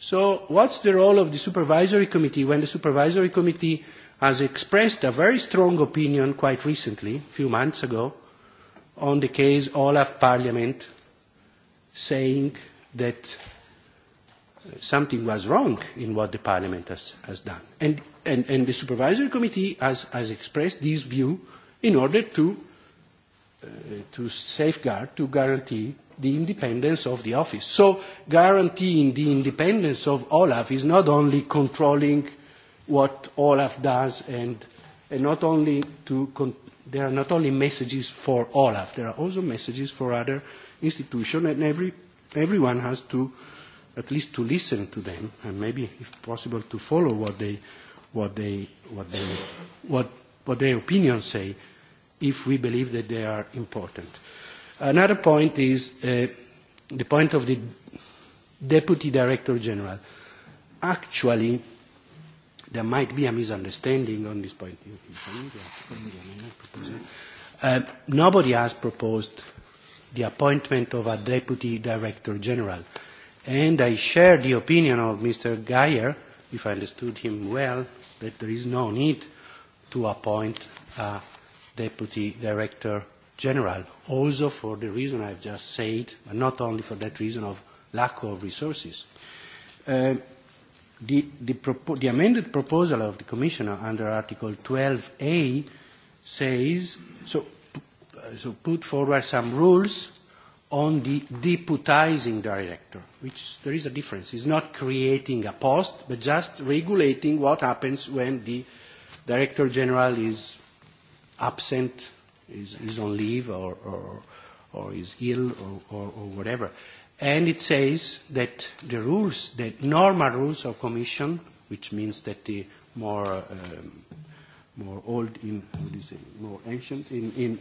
So what's the role of the supervisory committee when the supervisory committee has expressed a very strong opinion quite recently, a few months ago, on the case Olaf Parliament, saying that something was wrong in what the Parliament has, has done. And, and, and the Supervisory Committee has, has expressed this view in order to, uh, to safeguard, to guarantee the independence of the office. So guaranteeing the independence of Olaf is not only controlling what Olaf does and, and not only to con- there are not only messages for Olaf, there are also messages for other institutions and every, everyone has to uh, at least to listen to them and maybe, if possible, to follow what they, what they, what they, what, what their opinions say, if we believe that they are important. Another point is uh, the point of the Deputy Director General. Actually, there might be a misunderstanding on this point. Uh, nobody has proposed the appointment of a Deputy Director General. Uh, and I share the opinion of Mr. Geyer, if I understood him well, that there is no need to appoint a deputy director general, also for the reason I've just said, but not only for that reason of lack of resources. Uh, the, the, the amended proposal of the Commissioner under Article 12A says, so, so put forward some rules on the deputizing director, which there is a difference. It's not creating a post, but just regulating what happens when the director general is absent, is, is on leave, or, or, or is ill, or, or, or whatever. And it says that the rules, the normal rules of commission, which means that the more, um, more old, in, what do you say, more ancient, in, in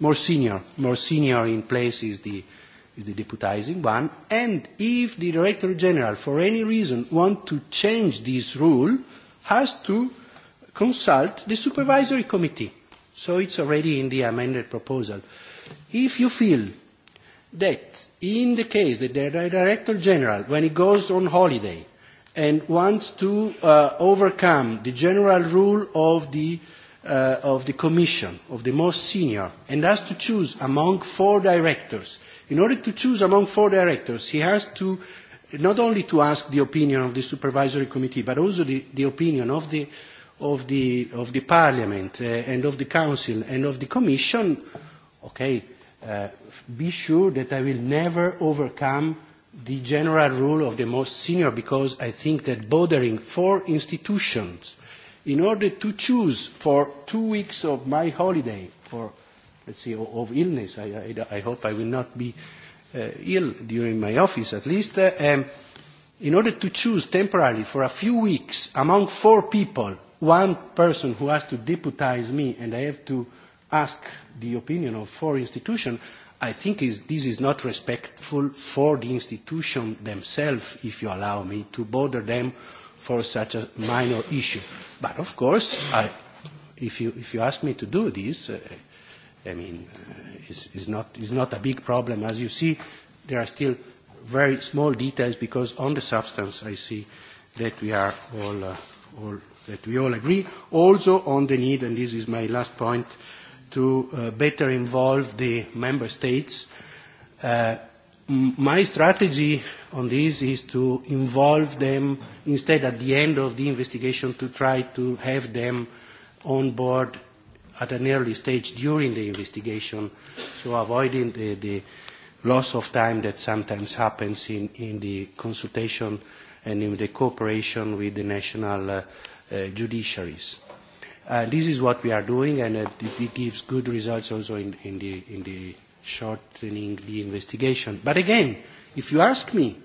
more senior. More senior in place is the, is the deputizing one. And if the Director General, for any reason, wants to change this rule, has to consult the Supervisory Committee. So it's already in the amended proposal. If you feel that in the case that the Director General, when he goes on holiday and wants to uh, overcome the general rule of the uh, uh, of the Commission, of the most senior, and has to choose among four directors. In order to choose among four directors, he has to not only to ask the opinion of the Supervisory Committee, but also the, the opinion of the, of the, of the Parliament uh, and of the Council and of the Commission, okay, uh, be sure that I will never overcome the general rule of the most senior because I think that bothering four institutions – in order to choose for two weeks of my holiday or let's say of illness, I, I, I hope I will not be uh, ill during my office at least, uh, um, in order to choose temporarily for a few weeks among four people, one person who has to deputize me and I have to ask the opinion of four institutions, I think is, this is not respectful for the institution themselves, if you allow me, to bother them for such a minor issue. But of course, I, if, you, if you ask me to do this, uh, I mean, uh, it's, it's, not, it's not a big problem. As you see, there are still very small details because on the substance I see that we are all, uh, all that we all agree. Also on the need, and this is my last point, to uh, better involve the member states. Uh, my strategy on this is to involve them instead at the end of the investigation to try to have them on board at an early stage during the investigation, so avoiding the, the loss of time that sometimes happens in, in the consultation and in the cooperation with the national uh, uh, judiciaries. Uh, this is what we are doing, and uh, it, it gives good results also in, in, the, in the shortening the investigation. But again, if you ask me,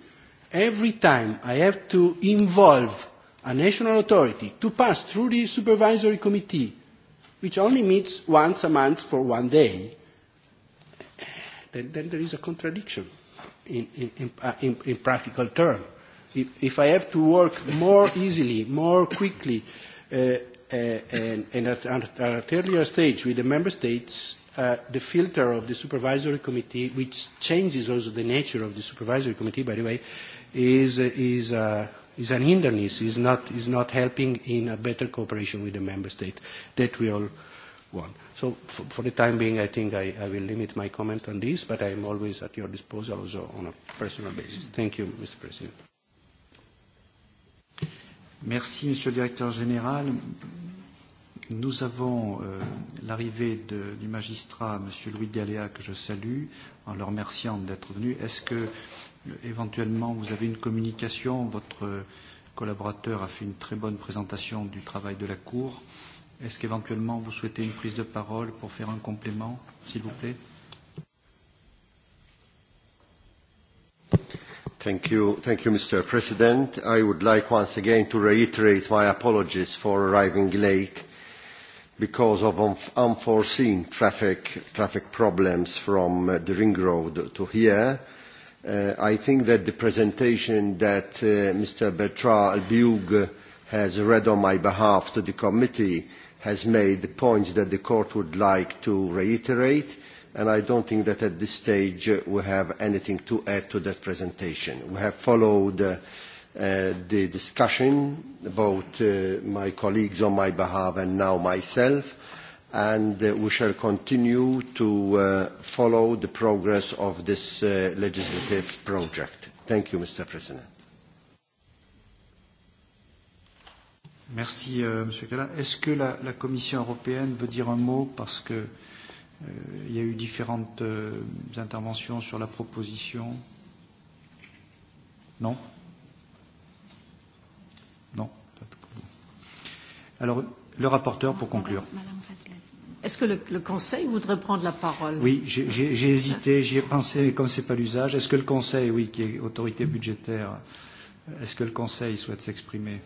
every time I have to involve a national authority to pass through the supervisory committee, which only meets once a month for one day, then, then there is a contradiction in, in, in, uh, in, in practical terms. If, if I have to work more easily, more quickly, uh, uh, and, and at, at an earlier stage with the member states, the filter of the supervisory committee, which changes also the nature of the supervisory committee, by the way, is, is, uh, is an hindrance, is not, is not helping in a better cooperation with the member state that we all want. So for, for the time being, I think I, I will limit my comment on this, but I am always at your disposal also on a personal basis. Thank you, Mr. President. Merci, Monsieur le Directeur Général. Nous avons euh, l'arrivée du magistrat, M. Louis Galéa, que je salue, en le remerciant d'être venu. Est-ce que, euh, éventuellement, vous avez une communication Votre collaborateur a fait une très bonne présentation du travail de la Cour. Est-ce qu'éventuellement, vous souhaitez une prise de parole pour faire un complément, s'il vous plaît Mr. President. I would like once again to reiterate my apologies for arriving late because of unforeseen traffic problems from the ring road to here. I think that the presentation that Mr. Bertrand Albiol has read on my behalf to the committee has made the points that the court would like to reiterate, and I don't think that at this stage we have anything to add to that presentation. We have followed the discussion, both my colleagues on my behalf and now myself, and we shall continue to follow the progress of this legislative project. Thank you, Mr. President. Merci, euh, Monsieur Cala. Est-ce que la, la Commission européenne veut dire un mot parce que euh, il y a eu différentes euh, interventions sur la proposition Non Alors, le rapporteur pour conclure. Est-ce que le, le Conseil voudrait prendre la parole Oui, j'ai hésité, j'y ai pensé, mais comme ce n'est pas l'usage, est-ce que le Conseil, oui, qui est autorité budgétaire, est-ce que le Conseil souhaite s'exprimer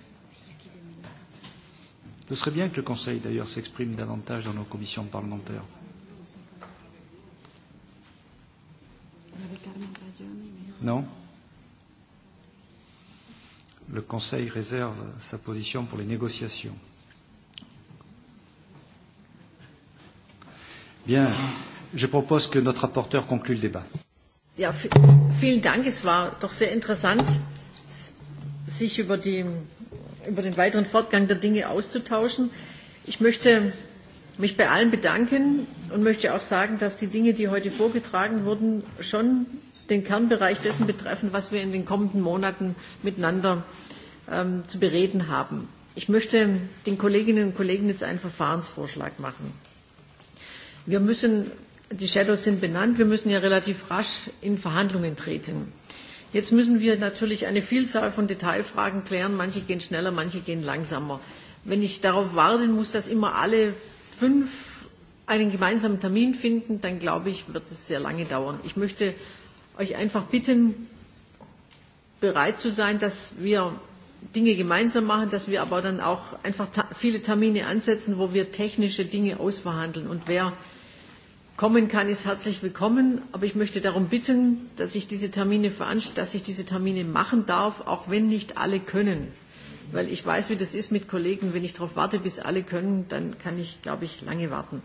Ce serait bien que le Conseil, d'ailleurs, s'exprime davantage dans nos commissions parlementaires. Non Le Conseil réserve sa position pour les négociations. Bien. Je propose que notre rapporteur conclue le débat. Ja, vielen Dank. Es war doch sehr interessant, sich über, die, über den weiteren Fortgang der Dinge auszutauschen. Ich möchte mich bei allen bedanken und möchte auch sagen, dass die Dinge, die heute vorgetragen wurden, schon den Kernbereich dessen betreffen, was wir in den kommenden Monaten miteinander ähm, zu bereden haben. Ich möchte den Kolleginnen und Kollegen jetzt einen Verfahrensvorschlag machen. Wir müssen, die Shadows sind benannt, wir müssen ja relativ rasch in Verhandlungen treten. Jetzt müssen wir natürlich eine Vielzahl von Detailfragen klären. Manche gehen schneller, manche gehen langsamer. Wenn ich darauf warten muss, dass immer alle fünf einen gemeinsamen Termin finden, dann glaube ich, wird es sehr lange dauern. Ich möchte euch einfach bitten, bereit zu sein, dass wir Dinge gemeinsam machen, dass wir aber dann auch einfach viele Termine ansetzen, wo wir technische Dinge ausverhandeln. Und wer kommen kann, ist herzlich willkommen. Aber ich möchte darum bitten, dass ich diese Termine, dass ich diese Termine machen darf, auch wenn nicht alle können. Weil ich weiß, wie das ist mit Kollegen. Wenn ich darauf warte, bis alle können, dann kann ich, glaube ich, lange warten.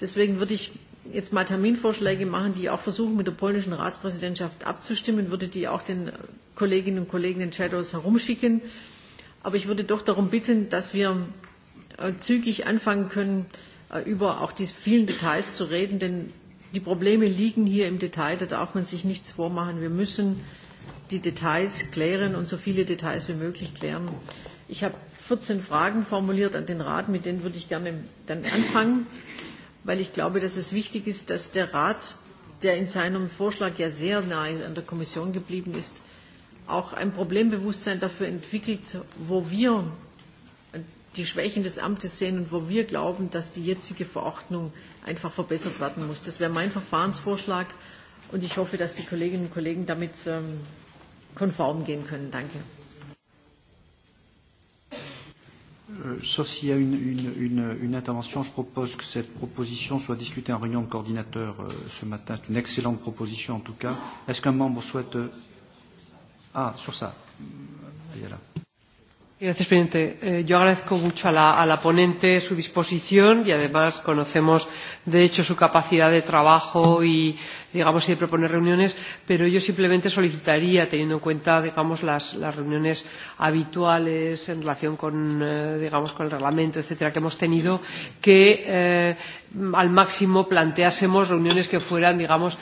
Deswegen würde ich jetzt mal Terminvorschläge machen, die auch versuchen, mit der polnischen Ratspräsidentschaft abzustimmen, würde die auch den Kolleginnen und Kollegen in Shadows herumschicken. Aber ich würde doch darum bitten, dass wir zügig anfangen können, über auch die vielen Details zu reden, denn die Probleme liegen hier im Detail, da darf man sich nichts vormachen. Wir müssen die Details klären und so viele Details wie möglich klären. Ich habe 14 Fragen formuliert an den Rat, mit denen würde ich gerne dann anfangen, weil ich glaube, dass es wichtig ist, dass der Rat, der in seinem Vorschlag ja sehr nahe an der Kommission geblieben ist, auch ein Problembewusstsein dafür entwickelt, wo wir die Schwächen des Amtes sehen und wo wir glauben, dass die jetzige Verordnung einfach verbessert werden muss. Das wäre mein Verfahrensvorschlag und ich hoffe, dass die Kolleginnen und Kollegen damit konform gehen können. Danke. Sauf s'il y a une, une, une, une intervention, je propose que cette proposition soit discutée en réunion de coordinateurs euh, ce matin. C'est une excellente proposition en tout cas. Est-ce qu'un membre souhaite... Ah, sur ça. là. Gracias, presidente. yo agradezco mucho a la, ponente su disposición y además conocemos, de hecho, su capacidad de trabajo y, digamos, y de proponer reuniones, pero yo simplemente solicitaría, teniendo en cuenta, digamos, las, las reuniones habituales en relación con, digamos, con el reglamento, etcétera, que hemos tenido, que al máximo planteásemos reuniones que fueran, digamos,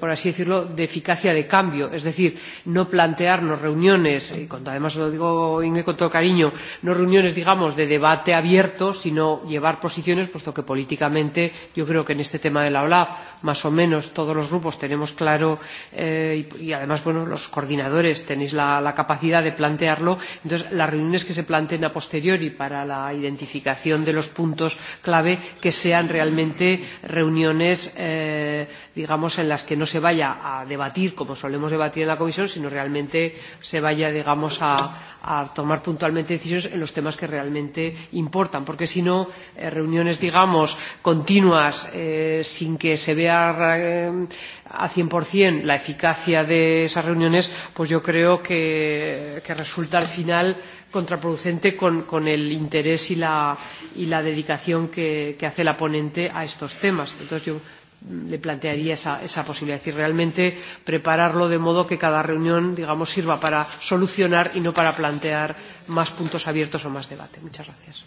por así decirlo, de eficacia de cambio. Es decir, no plantearnos reuniones, y cuando además lo digo Inge con todo cariño, no reuniones, digamos, de debate abierto, sino llevar posiciones, puesto que políticamente yo creo que en este tema de la OLAF, más o menos todos los grupos tenemos claro, eh, y, y además, bueno, los coordinadores tenéis la, la capacidad de plantearlo. Entonces, las reuniones que se planteen a posteriori para la identificación de los puntos clave, que sean realmente reuniones, eh, digamos, digamos, en las que no se vaya a debatir como solemos debatir en la comisión, sino realmente se vaya, digamos, a, a tomar puntualmente decisiones en los temas que realmente importan, porque si no, eh, reuniones, digamos, continuas eh, sin que se vea eh, a 100% la eficacia de esas reuniones, pues yo creo que, que resulta al final contraproducente con, con el interés y la, y la dedicación que, que hace la ponente a estos temas. Entonces yo le plantearía esa, esa posibilidad. Es decir, realmente prepararlo de modo que cada reunión, digamos, sirva para solucionar y no para plantear más puntos abiertos o más debate. Muchas gracias.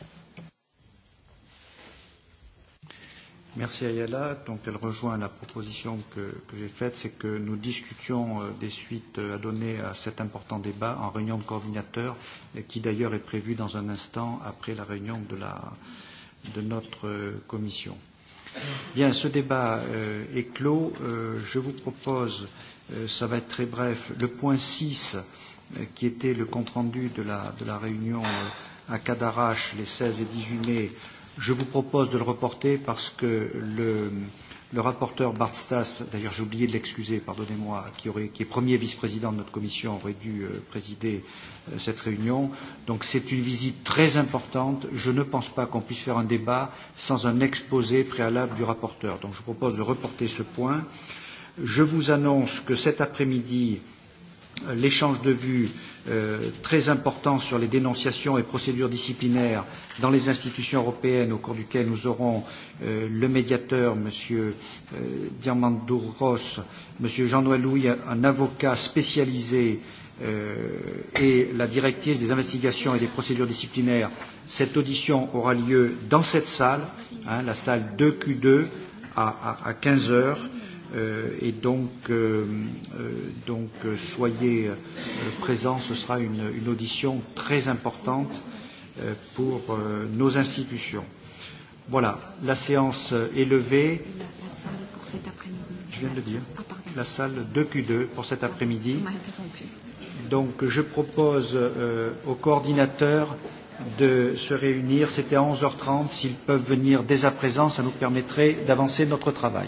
Merci Ayala. Donc elle rejoint la proposition que, que j'ai faite, c'est que nous discutions des suites à donner à cet important débat en réunion de coordinateurs, et qui d'ailleurs est prévue dans un instant après la réunion de, la, de notre commission. Bien, ce débat euh, est clos. Euh, je vous propose, euh, ça va être très bref, le point 6, euh, qui était le compte-rendu de la, de la réunion euh, à Cadarache les 16 et 18 mai. Je vous propose de le reporter parce que le. Euh, le rapporteur Bart Stas, d'ailleurs j'ai oublié de l'excuser, pardonnez-moi, qui, aurait, qui est premier vice-président de notre commission, aurait dû euh, présider euh, cette réunion. Donc c'est une visite très importante. Je ne pense pas qu'on puisse faire un débat sans un exposé préalable du rapporteur. Donc je propose de reporter ce point. Je vous annonce que cet après-midi, l'échange de vues euh, très important sur les dénonciations et procédures disciplinaires dans les institutions européennes, au cours duquel nous aurons le médiateur, M. Diamandouros, M. Jean-Noël Louis, un avocat spécialisé, et la directrice des investigations et des procédures disciplinaires. Cette audition aura lieu dans cette salle, la salle 2Q2, à, à, à 15 heures Euh, et donc, euh, euh, donc soyez euh, présents, ce sera une, une audition très importante euh, pour euh, nos institutions. Voilà, la séance est levée. La, la salle pour cet après-midi. Je viens de le dire. Ah, la salle 2Q2 pour cet après-midi. Donc je propose euh, aux coordinateurs de se réunir. C'était à 11h30. S'ils peuvent venir dès à présent, ça nous permettrait d'avancer notre travail.